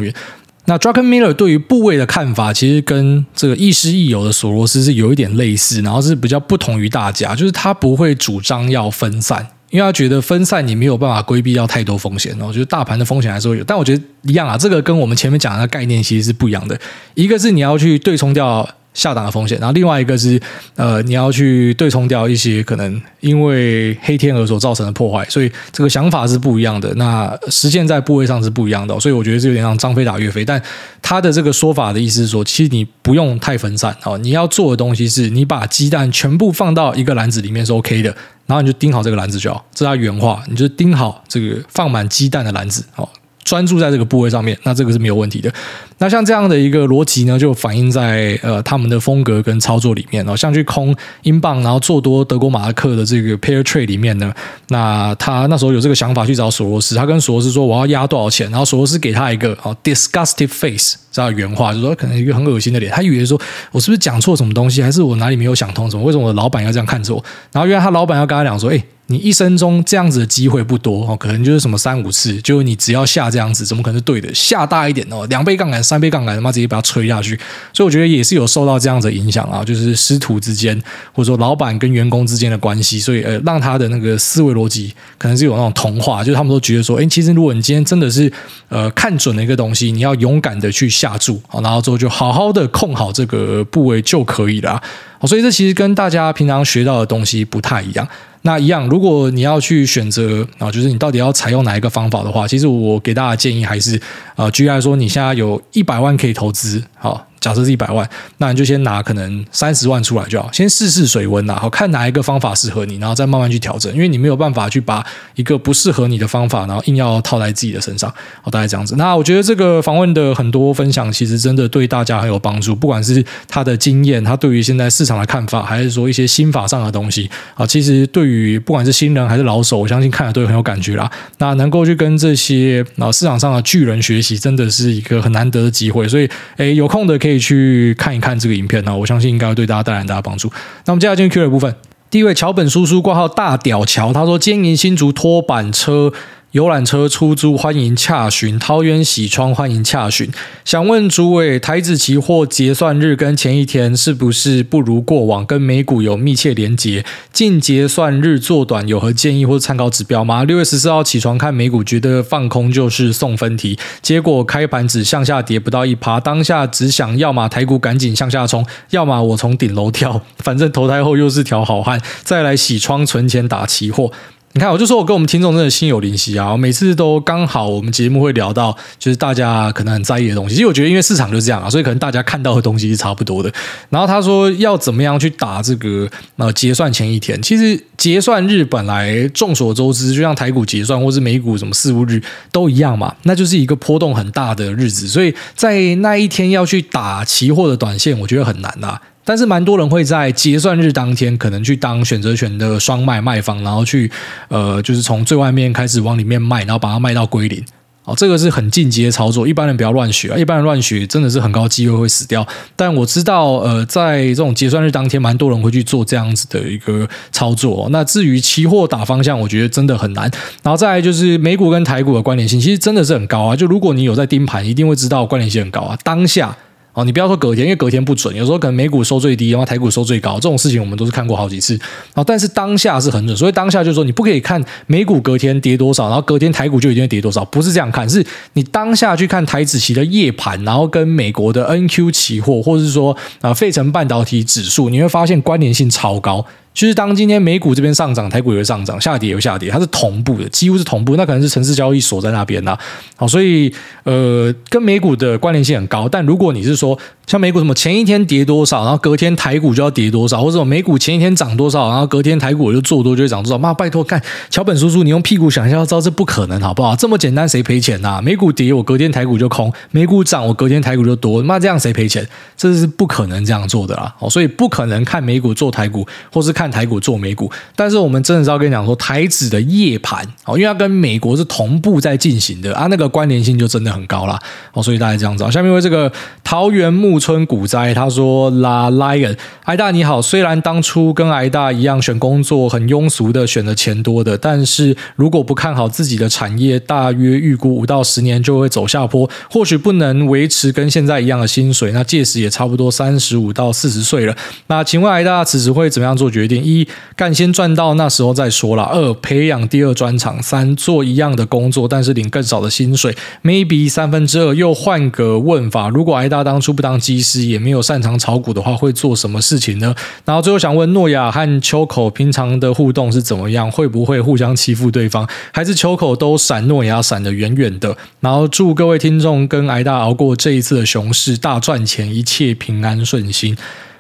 那 Druckenmiller 對於部位的看法，其實跟這個亦師亦友的索羅斯是有一點類似，然後是比較不同於大家，就是他不會主張要分散，因為他覺得分散你沒有辦法規避掉太多風險。然後我覺得大盤的風險還是會有，但我覺得一樣啊，這個跟我們前面講的概念其實是不一樣的，一個是你要去對沖掉。下檔的風險，然後另外一個是，呃，你要去對沖掉一些可能因為黑天鵝所造成的破壞，所以這個想法是不一樣的。那實現在部位上是不一樣的，所以我覺得這有點像張飛打岳飛。但他的這個說法的意思是說，其實你不用太分散哦，你要做的東西是你把雞蛋全部放到一個籃子裡面是 OK 的，然後你就盯好這個籃子就好。這是他原話，你就盯好這個放滿雞蛋的籃子哦。專注在這個部位上面，那這個是沒有問題的。那像這樣的一個邏輯呢，就反映在呃他們的風格跟操作裡面哦。然後像去空英鎊，然後做多德國馬克的這個 pair trade 裡面呢，那他那時候有這個想法去找索羅斯，他跟索羅斯說我要壓多少錢，然後索羅斯給他一個、哦、disgustive face，這樣的原話就是說可能一個很噁心的臉。他以為說我是不是講錯什麼東西，還是我哪裡沒有想通什麼？為什麼我的老闆要這樣看着我？然後原來他老闆要跟他講說，哎、欸。你一生中這樣子的機會不多哦，可能就是什麼三五次，就是你只要下這樣子，怎麼可能是對的？下大一點哦，兩倍槓桿、三倍槓桿，他媽直接把它吹下去。所以我覺得也是有受到這樣子的影響啊，就是師徒之間，或者說老板跟員工之間的關係，所以呃，讓他的那個思維邏輯可能是有那種同化，就是他們都覺得說，誒、欸，其實如果你今天真的是呃看準了一個東西，你要勇敢的去下注，然後之後就好好的控好這個部位就可以了、啊。所以這其實跟大家平常學到的東西不太一樣。那一樣，如果你要去選擇啊，就是你到底要採用哪一個方法的話，其實我給大家的建議還是啊，舉例來說，你現在有一百萬可以投資，好。假設是一百萬，那你就先拿可能三十萬出來就好，先試試水溫啦，好，看哪一個方法適合你，然後再慢慢去調整。因為你沒有辦法去把一個不適合你的方法，然後硬要套在自己的身上。好，大概這樣子。那我覺得這個訪問的很多分享，其實真的對大家很有幫助，不管是他的經驗，他對於現在市場的看法，還是說一些心法上的東西啊，其實對於不管是新人還是老手，我相信看了都很有感覺啦。那能夠去跟這些啊市場上的巨人學習，真的是一個很難得的機會。所以，哎、欸，有空的可以。可以去看一看這個影片呢、啊，我相信應該會對大家帶來很大的幫助。那麼接下來進入 Q 的部分，第一位橋本叔叔掛號大屌橋，他說：“兼營新竹拖板車。”遊覽車出租，歡迎洽詢，桃園洗窗歡迎洽詢。想問主委，台指期貨結算日跟前一天是不是不如過往跟美股有密切連結？近結算日做短有何建議或參考指標嗎？六月十四號起床看美股，覺得放空就是送分題，結果開盤只向下跌不到一趴，當下只想要嘛台股趕緊向下衝，要嘛我從頂樓跳，反正投胎後又是條好漢，再來洗窗存錢打期貨。你看，我就說我跟我們聽眾真的心有靈犀啊！每次都剛好我們節目會聊到，就是大家可能很在意的東西。其實我覺得，因為市場就是這樣啊，所以可能大家看到的東西是差不多的。然後他說要怎麼樣去打這個呃結算前一天，其實結算日本來眾所周知，就像台股結算或是美股什麼四巫日都一樣嘛，那就是一個波動很大的日子，所以在那一天要去打期貨的短線，我覺得很難吶、啊。但是蠻多人會在結算日當天，可能去當選擇權的雙賣賣方，然後去呃，就是從最外面開始往裡面賣，然後把它賣到歸零。哦，這個是很進階的操作，一般人不要亂學啊。一般人亂學真的是很高機會會死掉。但我知道，呃，在這種結算日當天，蠻多人會去做這樣子的一個操作哦。那至於期貨打方向，我覺得真的很難。然後再來就是美股跟台股的關聯性，其實真的是很高啊。就如果你有在盯盤，一定會知道關聯性很高啊。當下。哦，你不要說隔天，因為隔天不準，有時候可能美股收最低，然後台股收最高，這種事情我們都是看過好幾次。哦，但是當下是很準，所以當下就是說，你不可以看美股隔天跌多少，然後隔天台股就一定會跌多少，不是這樣看，是你當下去看台指期的夜盤，然後跟美國的 NQ 期貨，或者是說啊費城半導體指數，你會發現關聯性超高。其實當今天美股這邊上漲，台股也會上漲，下跌也會下跌，它是同步的，幾乎是同步。那可能是城市交易所在那邊啦、啊。好，所以呃，跟美股的關聯性很高。但如果你是說，像美股什麼前一天跌多少，然後隔天台股就要跌多少，或者美股前一天漲多少，然後隔天台股我就做多就漲多少。媽，拜託看橋本叔叔，你用屁股想一下，要知道這不可能好不好？這麼簡單，誰賠錢吶、啊？美股跌，我隔天台股就空；美股漲，我隔天台股就多。媽，這樣誰賠錢？這是不可能這樣做的啦。哦，所以不可能看美股做台股，或是看台股做美股。但是我們真的是要跟你講說，台指的夜盤哦，因為它跟美國是同步在進行的啊，那個關聯性就真的很高了啦。哦，所以大家這樣子。下面為這個桃園木。木村古齋，他說啦，Lion，艾大你好。雖然當初跟艾大一樣選工作，很庸俗的選了錢多的，但是如果不看好自己的產業，大約預估五到十年就會走下坡，或許不能維持跟現在一樣的薪水。那屆時也差不多三十五到四十歲了。那請問艾大此時會怎麼樣做決定？一幹先賺到那時候再說啦。二培養第二專長。三做一樣的工作，但是領更少的薪水。Maybe 三分之二。3, 又換個問法：如果艾大當初不當技師也沒有擅長炒股的話，會做什麼事情呢？然後最後想問諾亞和秋口平常的互動是怎麼樣？會不會互相欺負對方？還是秋口都閃諾亞閃得遠遠的？然後祝各位聽眾跟挨大熬過這一次的熊市，大賺錢，一切平安順心。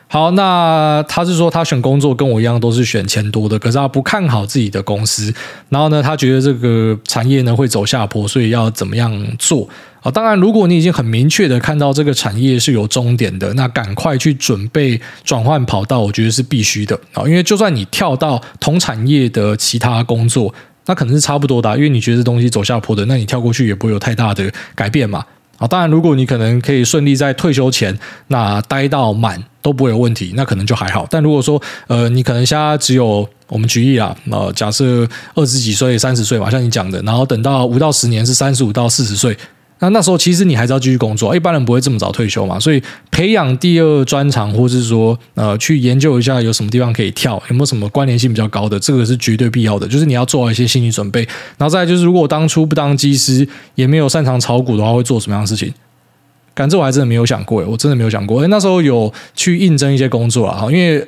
好，那他是說他選工作跟我一樣都是選錢多的，可是他不看好自己的公司。然後呢，他覺得這個產業呢會走下坡，所以要怎麼樣做？啊，當然，如果你已經很明確的看到這個產業是有終點的，那趕快去準備轉換跑道，我覺得是必須的啊。因為就算你跳到同產業的其他工作，那可能是差不多的啊，因為你覺得這東西走下坡的，那你跳過去也不會有太大的改變嘛。啊，當然，如果你可能可以順利在退休前那待到滿都不會有問題，那可能就還好。但如果說呃，你可能現在只有我們舉例啦，啊，呃，假設二十幾歲、三十歲吧，像你講的，然後等到五到十年是三十五到四十歲。那那時候其實你還是要繼續工作，一般人不會這麼早退休嘛。所以培養第二專長，或是說，呃，去研究一下有什麼地方可以跳，有沒有什麼關聯性比較高的，這個是絕對必要的。就是你要做好一些心理準備。然後再來就是，如果當初不當機師，也沒有擅長炒股的話，會做什麼樣的事情？感覺我還真的沒有想過，欸，我真的沒有想過欸。那時候有去應徵一些工作啊，因為。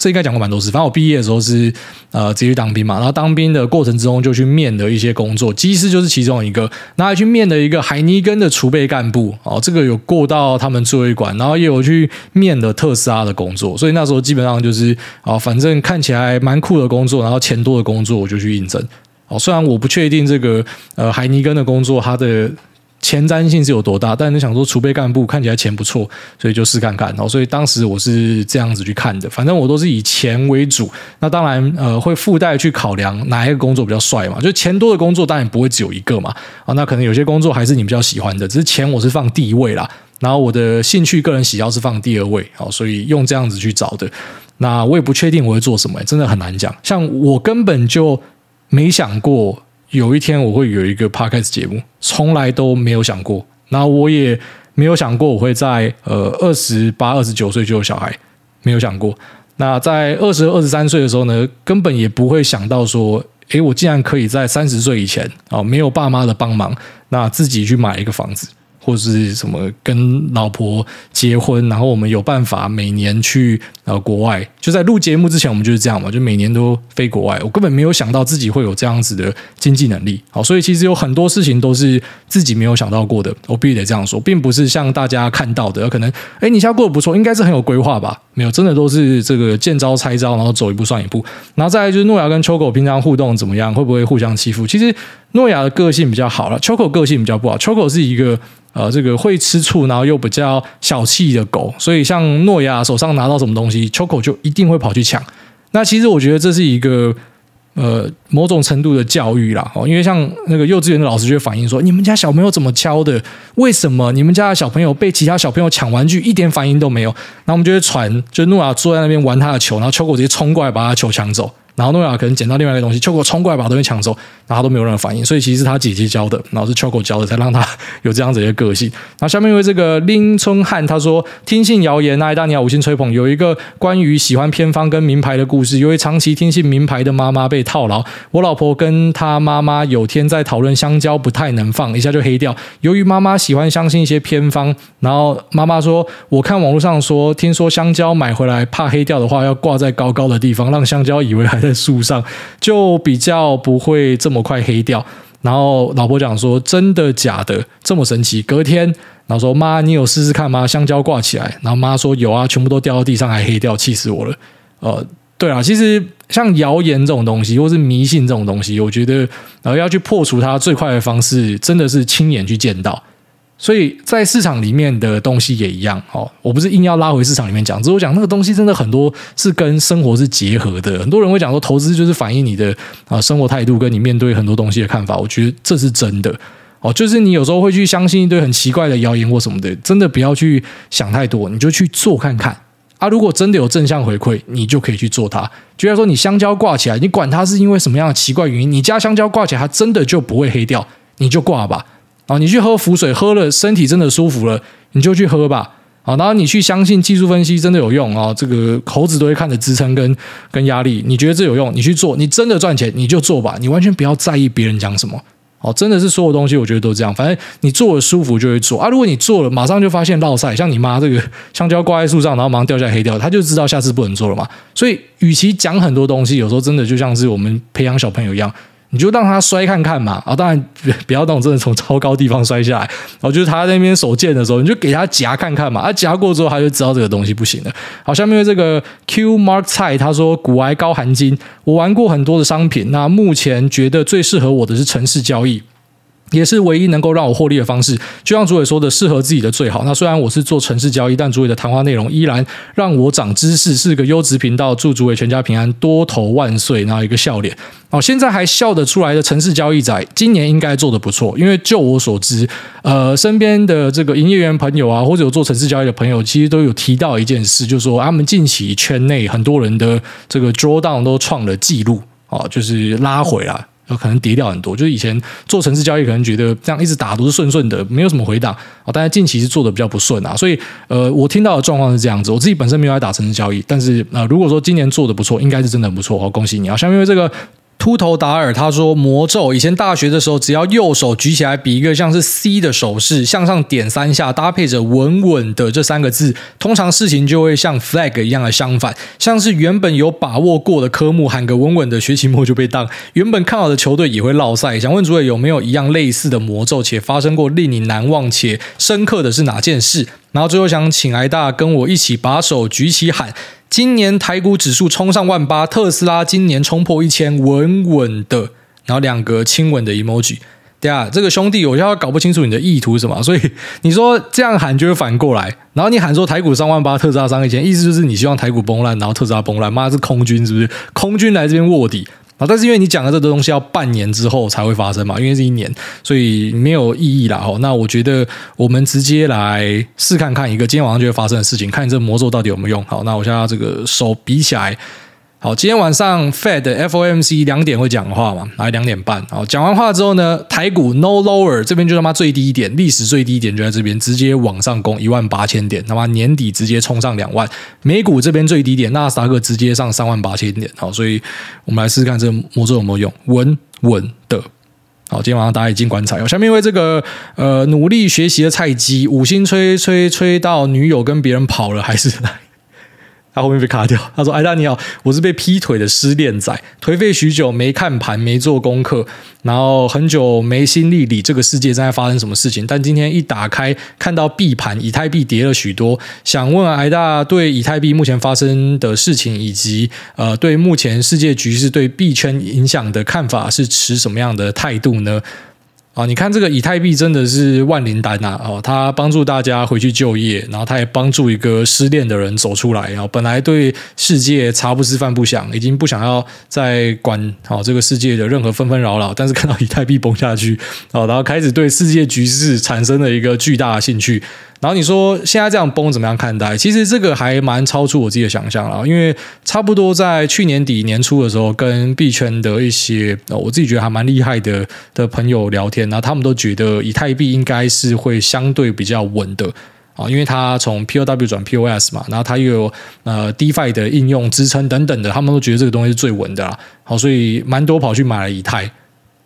這應該講過蠻多次，反正我畢業的時候是呃直接去當兵嘛，然後當兵的過程之中就去面了一些工作，機師就是其中一個，然後還去面了一個海尼根的儲備幹部哦，這個有過到他們最後一關，然後也有去面了特斯拉的工作，所以那時候基本上就是啊、哦，反正看起來蠻酷的工作，然後錢多的工作我就去應徵哦，雖然我不確定這個呃海尼根的工作它的。前瞻性是有多大，但你想說儲備幹部看起來錢不錯，所以就試看看。然後，所以當時我是這樣子去看的，反正我都是以錢為主。那當然，呃，會附帶去考量哪一個工作比較帥嘛，就錢多的工作當然不會只有一個嘛。啊，那可能有些工作還是你比較喜歡的，只是錢我是放第一位啦。然後我的興趣、個人喜好是放第二位。好，所以用這樣子去找的。那我也不確定我會做什麼，欸，真的很難講。像我根本就沒想過。有一天我會有一個 Podcast 節目，從來都沒有想過。那我也沒有想過我會在呃二十八、二十九歲就有小孩，沒有想過。那在二十二、二十三歲的時候呢，根本也不會想到說，哎，我竟然可以在三十歲以前啊、哦，沒有爸媽的幫忙，那自己去買一個房子，或是什麼跟老婆結婚，然後我們有辦法每年去。呃，國外就在錄節目之前，我們就是這樣嘛，就每年都飛國外。我根本沒有想到自己會有這樣子的經濟能力，好，所以其實有很多事情都是自己沒有想到過的。我必須得這樣說，並不是像大家看到的，可能哎、欸，你現在過得不錯，應該是很有規劃吧？沒有，真的都是這個見招拆招，然後走一步算一步。然後再來就是諾亞跟秋狗平常互動怎麼樣，會不會互相欺負？其實諾亞的個性比較好了，秋狗個性比較不好。秋狗是一個呃，這個會吃醋，然後又比較小氣的狗，所以像諾亞手上拿到什麼東西。你秋口就一定會跑去搶，那其實我覺得這是一個呃，某種程度的教育啦哦，因為像那個幼稚園的老師就會反映說，你們家小朋友怎麼教的？為什麼你們家的小朋友被其他小朋友搶玩具一點反應都沒有？然後我們就會傳，就諾亞坐在那邊玩他的球，然後秋口直接衝過來把他球搶走。然後諾亞可能撿到另外一個東西，秋果衝過來把東西搶走，然後他都沒有任何反應，所以其實是他姐姐教的，然後是秋果教的，才讓他有這樣子一個個性。那下面一位這個林春漢他說：聽信謠言，愛大尼亞五星吹捧，有一個關於喜歡偏方跟名牌的故事。由於長期聽信名牌的媽媽被套牢，我老婆跟她媽媽有天在討論香蕉不太能放，一下就黑掉。由於媽媽喜歡相信一些偏方，然後媽媽說：我看網絡上說，聽說香蕉買回來怕黑掉的話，要掛在高高的地方，讓香蕉以為很。在樹上就比較不會這麼快黑掉。然後老婆講說：“真的假的？這麼神奇？”隔天，然後說：“媽，你有試試看嗎？香蕉掛起來。”然後媽說：“有啊，全部都掉到地上，還黑掉，氣死我了。”呃，對啊，其實像謠言這種東西，或是迷信這種東西，我覺得，然後要去破除它最快的方式，真的是親眼去見到。所以在市場裡面的東西也一樣哦，我不是硬要拉回市場裡面講，只是我講那個東西真的很多是跟生活是結合的。很多人會講說，投資就是反映你的啊生活態度跟你面對很多東西的看法。我覺得這是真的哦，就是你有時候會去相信一堆很奇怪的謠言或什麼的，真的不要去想太多，你就去做看看啊。如果真的有正向回饋，你就可以去做它。就像說你香蕉掛起來，你管它是因為什麼樣的奇怪原因，你加香蕉掛起來，它真的就不會黑掉，你就掛吧。啊，你去喝符水，喝了身體真的舒服了，你就去喝吧。啊，然後你去相信技術分析真的有用啊，這個猴子都會看的支撐跟跟壓力，你覺得這有用，你去做，你真的賺錢你就做吧，你完全不要在意別人講什麼。哦，真的是所有東西，我覺得都這樣。反正你做的舒服就會做啊。如果你做了，馬上就發現落賽。像你媽這個香蕉掛在樹上，然後馬上掉下來黑掉，他就知道下次不能做了嘛。所以，與其講很多東西，有時候真的就像是我們培養小朋友一樣。你就讓他摔看看嘛，啊、哦，當然不要動，真的從超高地方摔下來。然、哦、後就是他在那邊手賤的時候，你就給他夾看看嘛，他、啊、夾過之後他就知道這個東西不行了。好，下面有這個 Q Mark 蔡他說，股癌高含金，我玩過很多的商品，那目前覺得最適合我的是城市交易，也是唯一能夠讓我獲利的方式，就像主委說的，適合自己的最好。那雖然我是做程式交易，但主委的談話內容依然讓我漲知識，是個優質頻道。祝主委全家平安，多頭萬歲，那一個笑臉。哦，現在還笑得出來的程式交易仔，今年應該做得不錯。因為就我所知，呃，身邊的這個營業員朋友啊，或者有做程式交易的朋友，其實都有提到一件事，就是說他們近期圈內很多人的這個 draw down 都創了記錄，哦，就是拉回來。可能跌掉很多，就是以前做程式交易，可能覺得這樣一直打都是順順的，沒有什麼回檔哦，但是近期是做的比較不順啊，所以呃，我聽到的狀況是這樣子。我自己本身沒有來打程式交易，但是呃，如果說今年做的不錯，應該是真的很不錯，哦，恭喜你啊。哦，像因為這個。禿頭達爾他說：“魔咒，以前大學的時候，只要右手舉起來比一個像是 C 的手勢，向上點三下，搭配着穩穩的這三個字，通常事情就會像 flag 一樣的相反。像是原本有把握過的科目，喊個穩穩的學期末就被當。原本看好的球隊也會落賽想問主委有沒有一樣類似的魔咒，且發生過令你難忘且深刻的是哪件事？然後最後想請挨大跟我一起把手舉起喊。”今年台股指數衝上萬八，特斯拉今年衝破一千，穩穩的，然後兩個親吻的 emoji。第二，這個兄弟，我現在搞不清楚你的意圖是什麼，所以你說這樣喊就會反過來，然後你喊說台股上萬八，特斯拉上一千，意思就是你希望台股崩爛，然後特斯拉崩爛，媽是空軍是不是？空軍來這邊臥底？啊！但是因為你講的這個東西要半年之後才會發生嘛，因為是一年，所以沒有意義啦。哦，那我覺得我們直接來試看看一個今天晚上就會發生的事情，看你這個魔咒到底有沒有用。好，那我現在這個手比起來。好，今天晚上 Fed 的 FOMC 兩點會講話嘛？來兩點半。好，講完話之後呢，台股 no lower，這邊就他媽最低點，歷史最低點就在這邊，直接往上攻一萬八千點，他媽年底直接衝上兩萬。美股這邊最低點，納斯達克直接上三萬八千點。好，所以我們來試試看這個魔咒有沒有用，穩穩的。好，今天晚上大家已經觀察。下面為這個呃努力學習的菜雞，五星吹，吹吹吹到女友跟別人跑了，還是他、啊、後面被卡掉。他說：“艾大你好，我是被劈腿的失戀仔，頹廢許久，沒看盤，沒做功課，然後很久沒心力理這個世界正在發生什麼事情。但今天一打開，看到幣盤，以太幣跌了許多，想問艾大對以太幣目前發生的事情，以及呃對目前世界局勢對幣圈影響的看法是持什麼樣的態度呢？”啊、哦！你看這個以太幣真的是萬靈丹吶、啊！哦，它幫助大家回去就業，然後它也幫助一個失戀的人走出來。然、哦、後本來對世界茶不思飯不想，已經不想要再管好、哦、這個世界的任何紛紛擾擾，但是看到以太幣崩下去，哦，然後開始對世界局勢產生了一個巨大的興趣。然後你說現在這樣崩怎麼樣看待？其實這個還蠻超出我自己的想象啊，因為差不多在去年底年初的時候，跟幣圈的一些我自己覺得還蠻厲害的的朋友聊天，然後他們都覺得以太幣應該是會相對比較穩的啊，因為它從 POW 轉 POS 嘛，然後它又有呃 DeFi 的應用支撐等等的，他們都覺得這個東西是最穩的啦。好，所以蠻多跑去買了以太。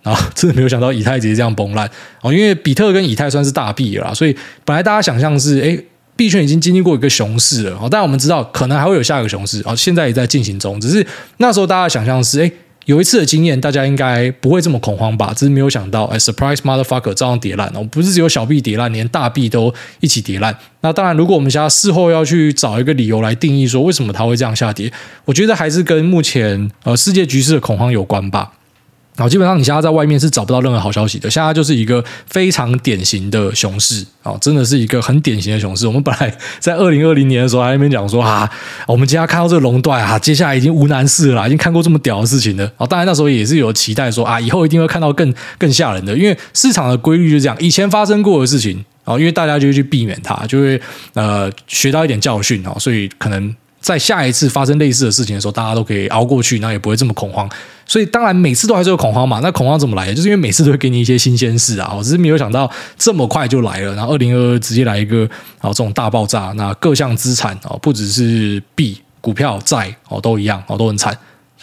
啊、哦，真的沒有想到以太直接這樣崩爛、哦、因為比特跟以太算是大幣了啦，所以本來大家想象是，哎、欸，幣圈已經經歷過一個熊市了哦。但我們知道，可能還會有下一個熊市哦，現在也在進行中。只是那時候大家想象是，哎、欸，有一次的經驗，大家應該不會這麼恐慌吧？只是沒有想到，哎、欸、，surprise motherfucker，照樣跌爛我、哦、不是只有小幣跌爛，連大幣都一起跌爛。那當然，如果我們現在事後要去找一個理由來定義說為什麼它會這樣下跌，我覺得還是跟目前呃世界局勢的恐慌有關吧。然後基本上你現在在外面是找不到任何好消息的，現在就是一個非常典型的熊市啊，真的是一個很典型的熊市。我們本來在二零二零年的時候還一邊講說啊，我們今天看到這個熔斷啊，接下來已經無難事了，已經看過這麼屌的事情了啊。當然那時候也是有期待說啊，以後一定會看到更更嚇人的，因為市場的規律就是這樣，以前發生過的事情啊，因為大家就會去避免它，就會呃學到一點教訓啊，所以可能。在下一次發生類似的事情的時候，大家都可以熬過去，那也不會這麼恐慌。所以當然每次都還是有恐慌嘛。那恐慌怎麼來？就是因為每次都會給你一些新鮮事啊。我只是沒有想到這麼快就來了。然後二零二二直接來一個啊，這種大爆炸。那各項資產啊，不只是幣、股票、債哦，都一樣哦，都很慘。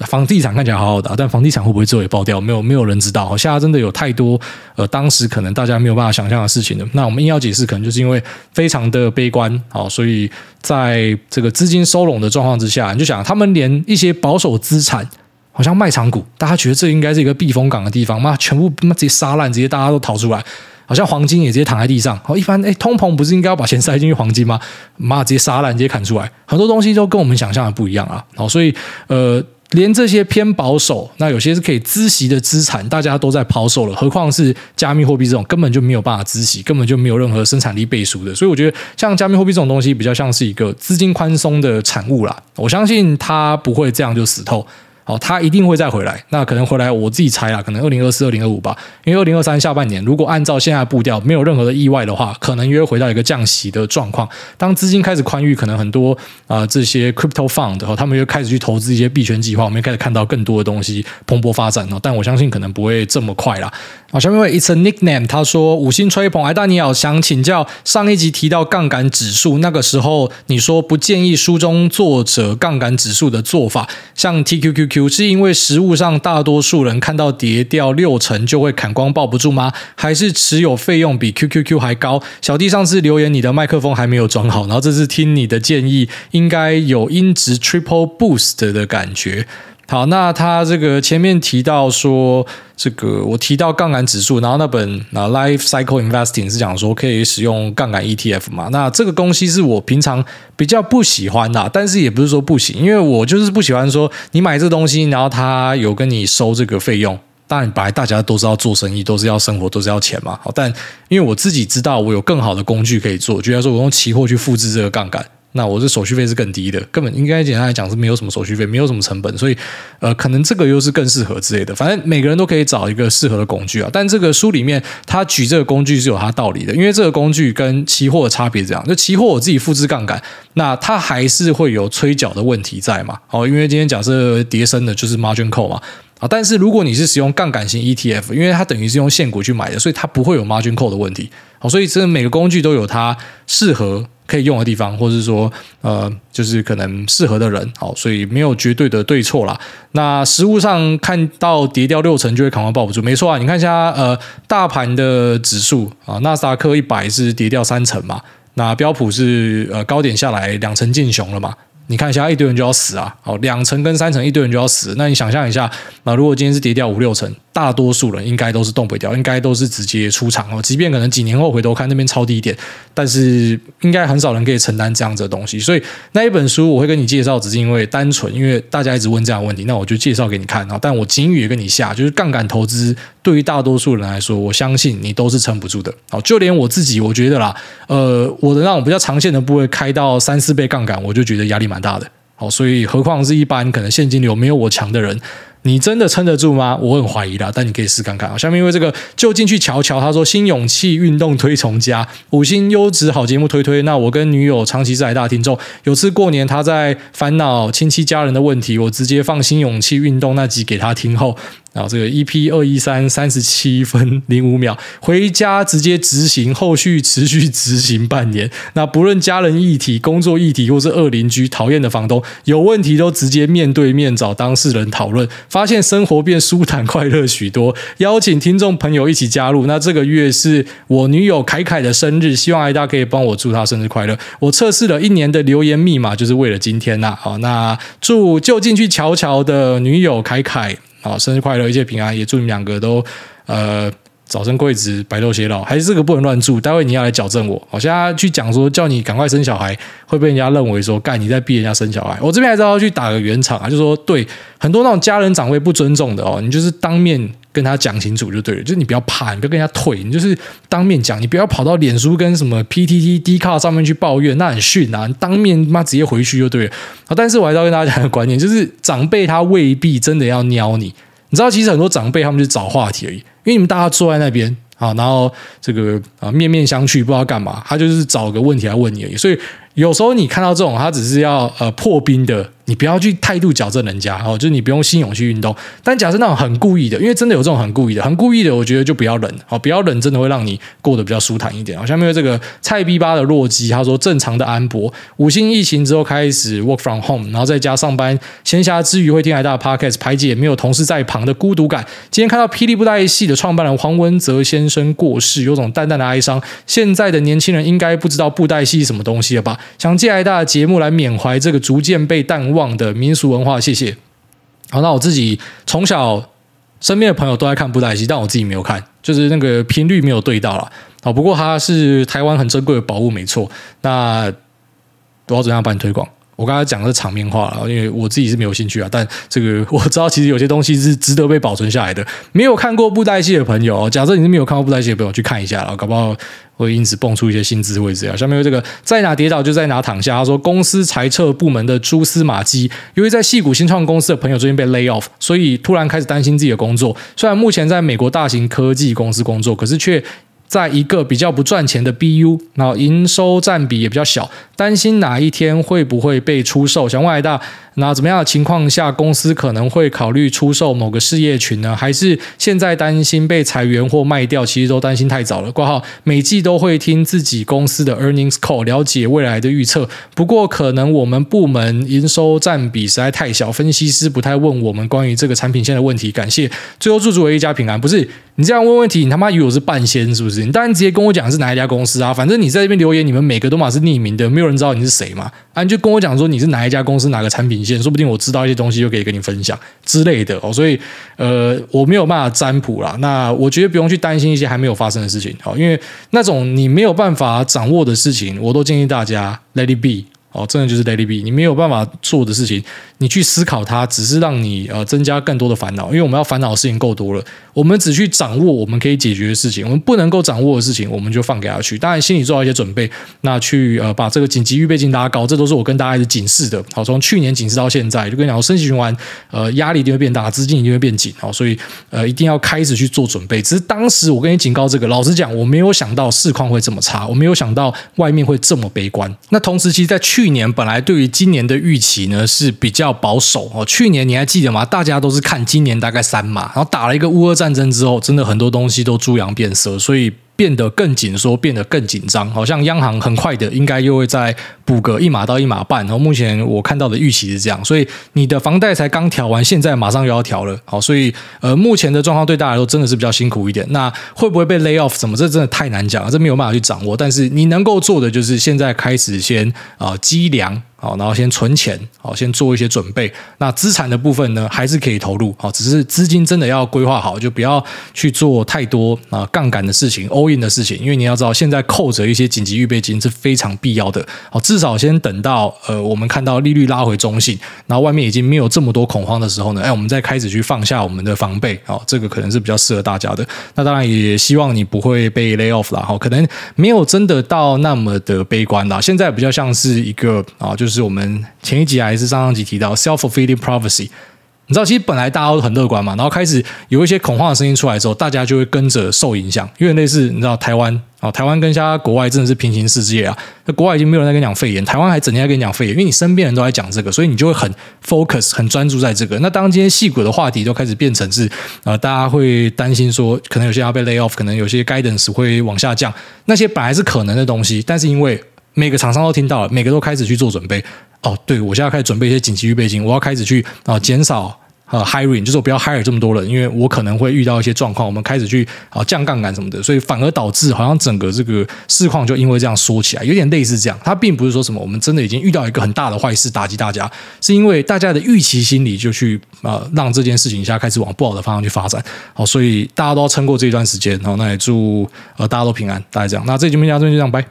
房地產看起來好好的，但房地產會不會之後也爆掉？沒有，沒有人知道。現在真的有太多呃，當時可能大家沒有辦法想象的事情的。那我們硬要解釋，可能就是因為非常的悲觀，好，所以在這個資金收攏的狀況之下，你就想，他們連一些保守資產，好像賣場股，大家覺得這應該是一個避風港的地方嘛，全部直接殺爛，直接大家都逃出來，好像黃金也直接躺在地上。好，一般誒，通膨不是應該要把錢塞進去黃金嗎？媽，直接殺爛，直接砍出來，很多東西都跟我們想象的不一樣啊。好，所以呃。連這些偏保守，那有些是可以孳息的資產，大家都在拋售了，何況是加密貨幣這種根本就沒有辦法孳息，根本就沒有任何生產力背書的，所以我覺得像加密貨幣這種東西，比較像是一個資金寬鬆的產物啦。我相信它不會這樣就死透。好、哦，他一定會再回來。那可能回來，我自己猜啊，可能二零二四、二零二五吧。因為二零二三下半年，如果按照現在步調，沒有任何的意外的話，可能又回到一個降息的狀況。當資金開始寬裕，可能很多啊、呃，這些 crypto fund 啊、哦，他們又開始去投資一些幣圈計劃。我們也開始看到更多的東西蓬勃發展了、哦。但我相信，可能不會這麼快了。啊，下面一位，It's a nickname，他說五星吹捧。哎，但你好，想請教上一集提到槓桿指數，那個時候你說不建議書中作者槓桿指數的做法，像 TQQQ。有是因為實物上大多數人看到跌掉六成就會砍光，抱不住嗎？還是持有費用比 QQQ 還高？小弟上次留言，你的麥克風還沒有裝好，然後這次聽你的建議，應該有音質 Triple Boost 的感覺。好，那他這個前面提到說，這個我提到槓桿指數，然後那本啊 Life Cycle Investing 是講說可以使用槓桿 ETF 嘛，那這個東西是我平常比較不喜歡的啊，但是也不是說不行，因為我就是不喜歡說你買這東西，然後他有跟你收這個費用。當然，本來大家都知道做生意都是要生活，都是要錢嘛。好，但因為我自己知道我有更好的工具可以做，就比如說我用期貨去複製這個槓桿。那我這手續費是更低的，根本應該簡單來講是沒有什麼手續費，沒有什麼成本，所以呃，可能這個又是更適合之類的。反正每個人都可以找一個適合的工具啊。但這個書裡面他舉這個工具是有它道理的，因為這個工具跟期貨的差別是這樣，就期貨我自己複製槓桿，那它還是會有催繳的問題在嘛。好，因為今天假設跌升的就是 margin call 嘛啊、哦，但是如果你是使用槓桿型 ETF，因為它等於是用現股去買的，所以它不會有 margin call 的問題。好，所以這個每個工具都有它適合可以用的地方，或者是說，呃，就是可能適合的人。好，所以沒有絕對的對錯啦。那實務上看到跌掉六成就會恐慌抱不住，沒錯啊。你看一下，呃，大盤的指數啊，納斯達克一百是跌掉三成嘛，那標普是，呃，高點下來兩成進熊了嘛。你看一下，一堆人就要死啊！哦，兩層跟三層一堆人就要死。那你想象一下、啊，那如果今天是跌掉五六層，大多數人應該都是動不掉，應該都是直接出場哦。即便可能幾年後回頭看那邊超低一點，但是應該很少人可以承擔這樣子的東西。所以那一本書我會跟你介紹，只是因為單純，因為大家一直問這樣的問題，那我就介紹給你看啊、哦。但我警語也跟你下，就是槓桿投資。對於大多數人來說，我相信你都是撐不住的。好，就連我自己，我覺得啦，呃，我的那種比較長線的部位開到三四倍槓桿，我就覺得壓力蠻大的。好，所以何況是一般可能現金流沒有我強的人，你真的撐得住嗎？我很懷疑啦。但你可以試看看。好，下面因為這個就進去瞧瞧。他說：“新勇氣運動推崇家，五星優質好節目推推。”那我跟女友長期在大聽眾，有次過年他在煩惱親戚家人的問題，我直接放新勇氣運動那集給他聽後。然後這個 EP213 三十七分零五秒回家直接執行，後續持續執行半年。那不論家人議題、工作議題，或是惡鄰居討厭的房東有問題，都直接面對面找當事人討論，發現生活變舒坦快樂許多。邀請聽眾朋友一起加入。那這個月是我女友凱凱的生日，希望大家可以幫我祝她生日快樂。我測試了一年的留言密碼，就是為了今天吶、啊。好，那祝就進去瞧瞧的女友凱凱。好、哦，生日快樂，一切平安！也祝你們兩個都呃早生貴子，白頭偕老。還是這個不能亂祝，待會你要來矯正我。我、哦、現在去講說，叫你趕快生小孩，會被人家認為說，幹，你在逼人家生小孩。我、哦、這邊還是要去打個圓場啊，就說對很多那種家人長輩不尊重的哦，你就是當面。跟他講清楚就對了，就是你不要怕，你不要跟人家退，你就是當面講，你不要跑到臉書跟什麼 PTT、D 卡上面去抱怨，那很遜啊！你當面媽直接回去就對了。但是我還是要跟大家講一個觀念，就是長輩他未必真的要鳥你，你知道，其實很多長輩他們就是找話題而已，因為你們大家坐在那邊啊，然後這個啊面面相覷不知道幹嘛，他就是找個問題來問你而已。所以有時候你看到這種，他只是要呃破冰的。你不要去態度矯正人家，哦，就是你不用心勇去運動。但假設那種很故意的，因為真的有這種很故意的，很故意的，我覺得就不要忍，哦，不要忍，真的會讓你過得比較舒坦一點。好像沒有這個菜逼八的洛基他說，正常的安博，五星疫情之後開始 work from home，然後在家上班，閒暇之餘會聽癌大的 podcast，排解也沒有同事在旁的孤獨感。今天看到霹靂布袋戲的創辦人黃文擇先生過世，有種淡淡的哀傷。現在的年輕人應該不知道布袋戲是什麼東西了吧？想借癌大的節目來緬懷這個逐漸被淡忘。的民俗文化，謝謝。好，那我自己從小身邊的朋友都在看布袋戲，但我自己沒有看，就是那個頻率沒有對到啦。好，不過它是台灣很珍貴的寶物，沒錯。那我要怎樣幫你推廣？我剛才講的是場面話，因為我自己是沒有興趣啊。但這個我知道，其實有些東西是值得被保存下來的。沒有看過布袋戲的朋友，假設你是沒有看過布袋戲的朋友，去看一下了，搞不好會因此蹦出一些新知或者這樣。下面有這個在哪跌倒就在哪躺下，他說公司裁撤部門的蛛絲馬跡，由於在矽谷新創公司的朋友最近被 lay off，所以突然開始擔心自己的工作。雖然目前在美國大型科技公司工作，可是卻。在一個比較不賺錢的 BU，然後營收占比也比較小，擔心哪一天會不會被出售？想問一下，那怎麼樣的情況下公司可能會考慮出售某個事業群呢？還是現在擔心被裁員或賣掉？其實都擔心太早了。括號，每季都會聽自己公司的 earnings call，了解未來的預測。不過可能我們部門營收占比實在太小，分析師不太問我們關於這個產品線的問題。感謝。最後祝諸位一家平安。不是，你這樣問問題，你他媽以為我是半仙是不是？你當然直接跟我講是哪一家公司啊？反正你在這邊留言，你們每個都嘛是匿名的，沒有人知道你是誰嘛。啊，你就跟我講說你是哪一家公司哪個產品線，說不定我知道一些東西就可以跟你分享之類的。哦，所以呃，我沒有辦法占卜啦。那我覺得不用去擔心一些還沒有發生的事情。哦，因為那種你沒有辦法掌握的事情，我都建議大家 let it be。哦，真的就是 Daily B，你沒有辦法做的事情，你去思考它，只是讓你呃增加更多的煩惱。因為我們要煩惱的事情夠多了，我們只去掌握我們可以解決的事情，我們不能夠掌握的事情，我們就放給他去。當然，心裡做好一些準備，那去呃把這個緊急預備金拉高，這都是我跟大家一直警示的。好，從去年警示到現在，就跟你講我升息循環，呃，壓力一定會變大，資金一定會變緊好、哦，所以呃一定要開始去做準備。只是當時我跟你警告這個，老實講，我沒有想到市況會這麼差，我沒有想到外面會這麼悲觀。那同時其實在去。去年本來對於今年的預期呢是比較保守哦。去年你還記得嗎？大家都是看今年大概三嘛。然後打了一個烏俄戰爭之後，真的很多東西都豬羊變色，所以。變得更緊縮，變得更緊張，好像央行很快的應該又會再補個一碼到一碼半，然後目前我看到的預期是這樣，所以你的房貸才剛調完，現在馬上又要調了。好，所以呃，目前的狀況對大家來說真的是比較辛苦一點。那會不會被 lay off？什麼，這真的太難講了，這沒有辦法去掌握。但是你能夠做的就是現在開始先啊積糧。呃好，然後先存錢，好，先做一些準備。那資產的部分呢，還是可以投入，好，只是資金真的要規劃好，就不要去做太多啊槓桿的事情，all in 的事情，因為你要知道，現在扣着一些緊急預備金是非常必要的。好，至少先等到呃，我們看到利率拉回中性，然後外面已經沒有這麼多恐慌的時候呢，哎、欸，我們再開始去放下我們的防備，好，這個可能是比較適合大家的。那當然也希望你不會被 lay off 啦，好，可能沒有真的到那麼的悲觀啦。現在比較像是一個啊，就是。是我們前一集還是上上集提到 Self-fulfilling prophecy，你知道，其實本來大家都很樂觀嘛，然後開始有一些恐慌的聲音出來之後，大家就會跟着受影響，因為類似你知道台灣哦、啊，台灣跟其他國外真的是平行世界啊，那國外已經沒有人在跟你講肺炎，台灣還整天在跟你講肺炎，因為你身邊人都在講這個，所以你就會很 focus 很專注在這個。那當今天細股的話題都開始變成是，呃，大家會擔心說，可能有些要被 lay off，可能有些 guidance 會往下降，那些本來是可能的東西，但是因為每個廠商都聽到了，每個都開始去做準備。哦，對，我現在開始準備一些緊急預備金，我要開始去啊減少呃 hiring，就是我不要 hiring 這麼多人，因為我可能會遇到一些狀況。我們開始去啊降槓桿什麼的，所以反而導致好像整個這個市況就因為這樣縮起來，有點類似這樣。它並不是說什麼我們真的已經遇到一個很大的壞事打擊大家，是因為大家的預期心理就去啊讓這件事情一下開始往不好的方向去發展。好，所以大家都要撐過這一段時間。好，那也祝呃大家都平安。大概這樣，那這期《名家論》就這樣，拜。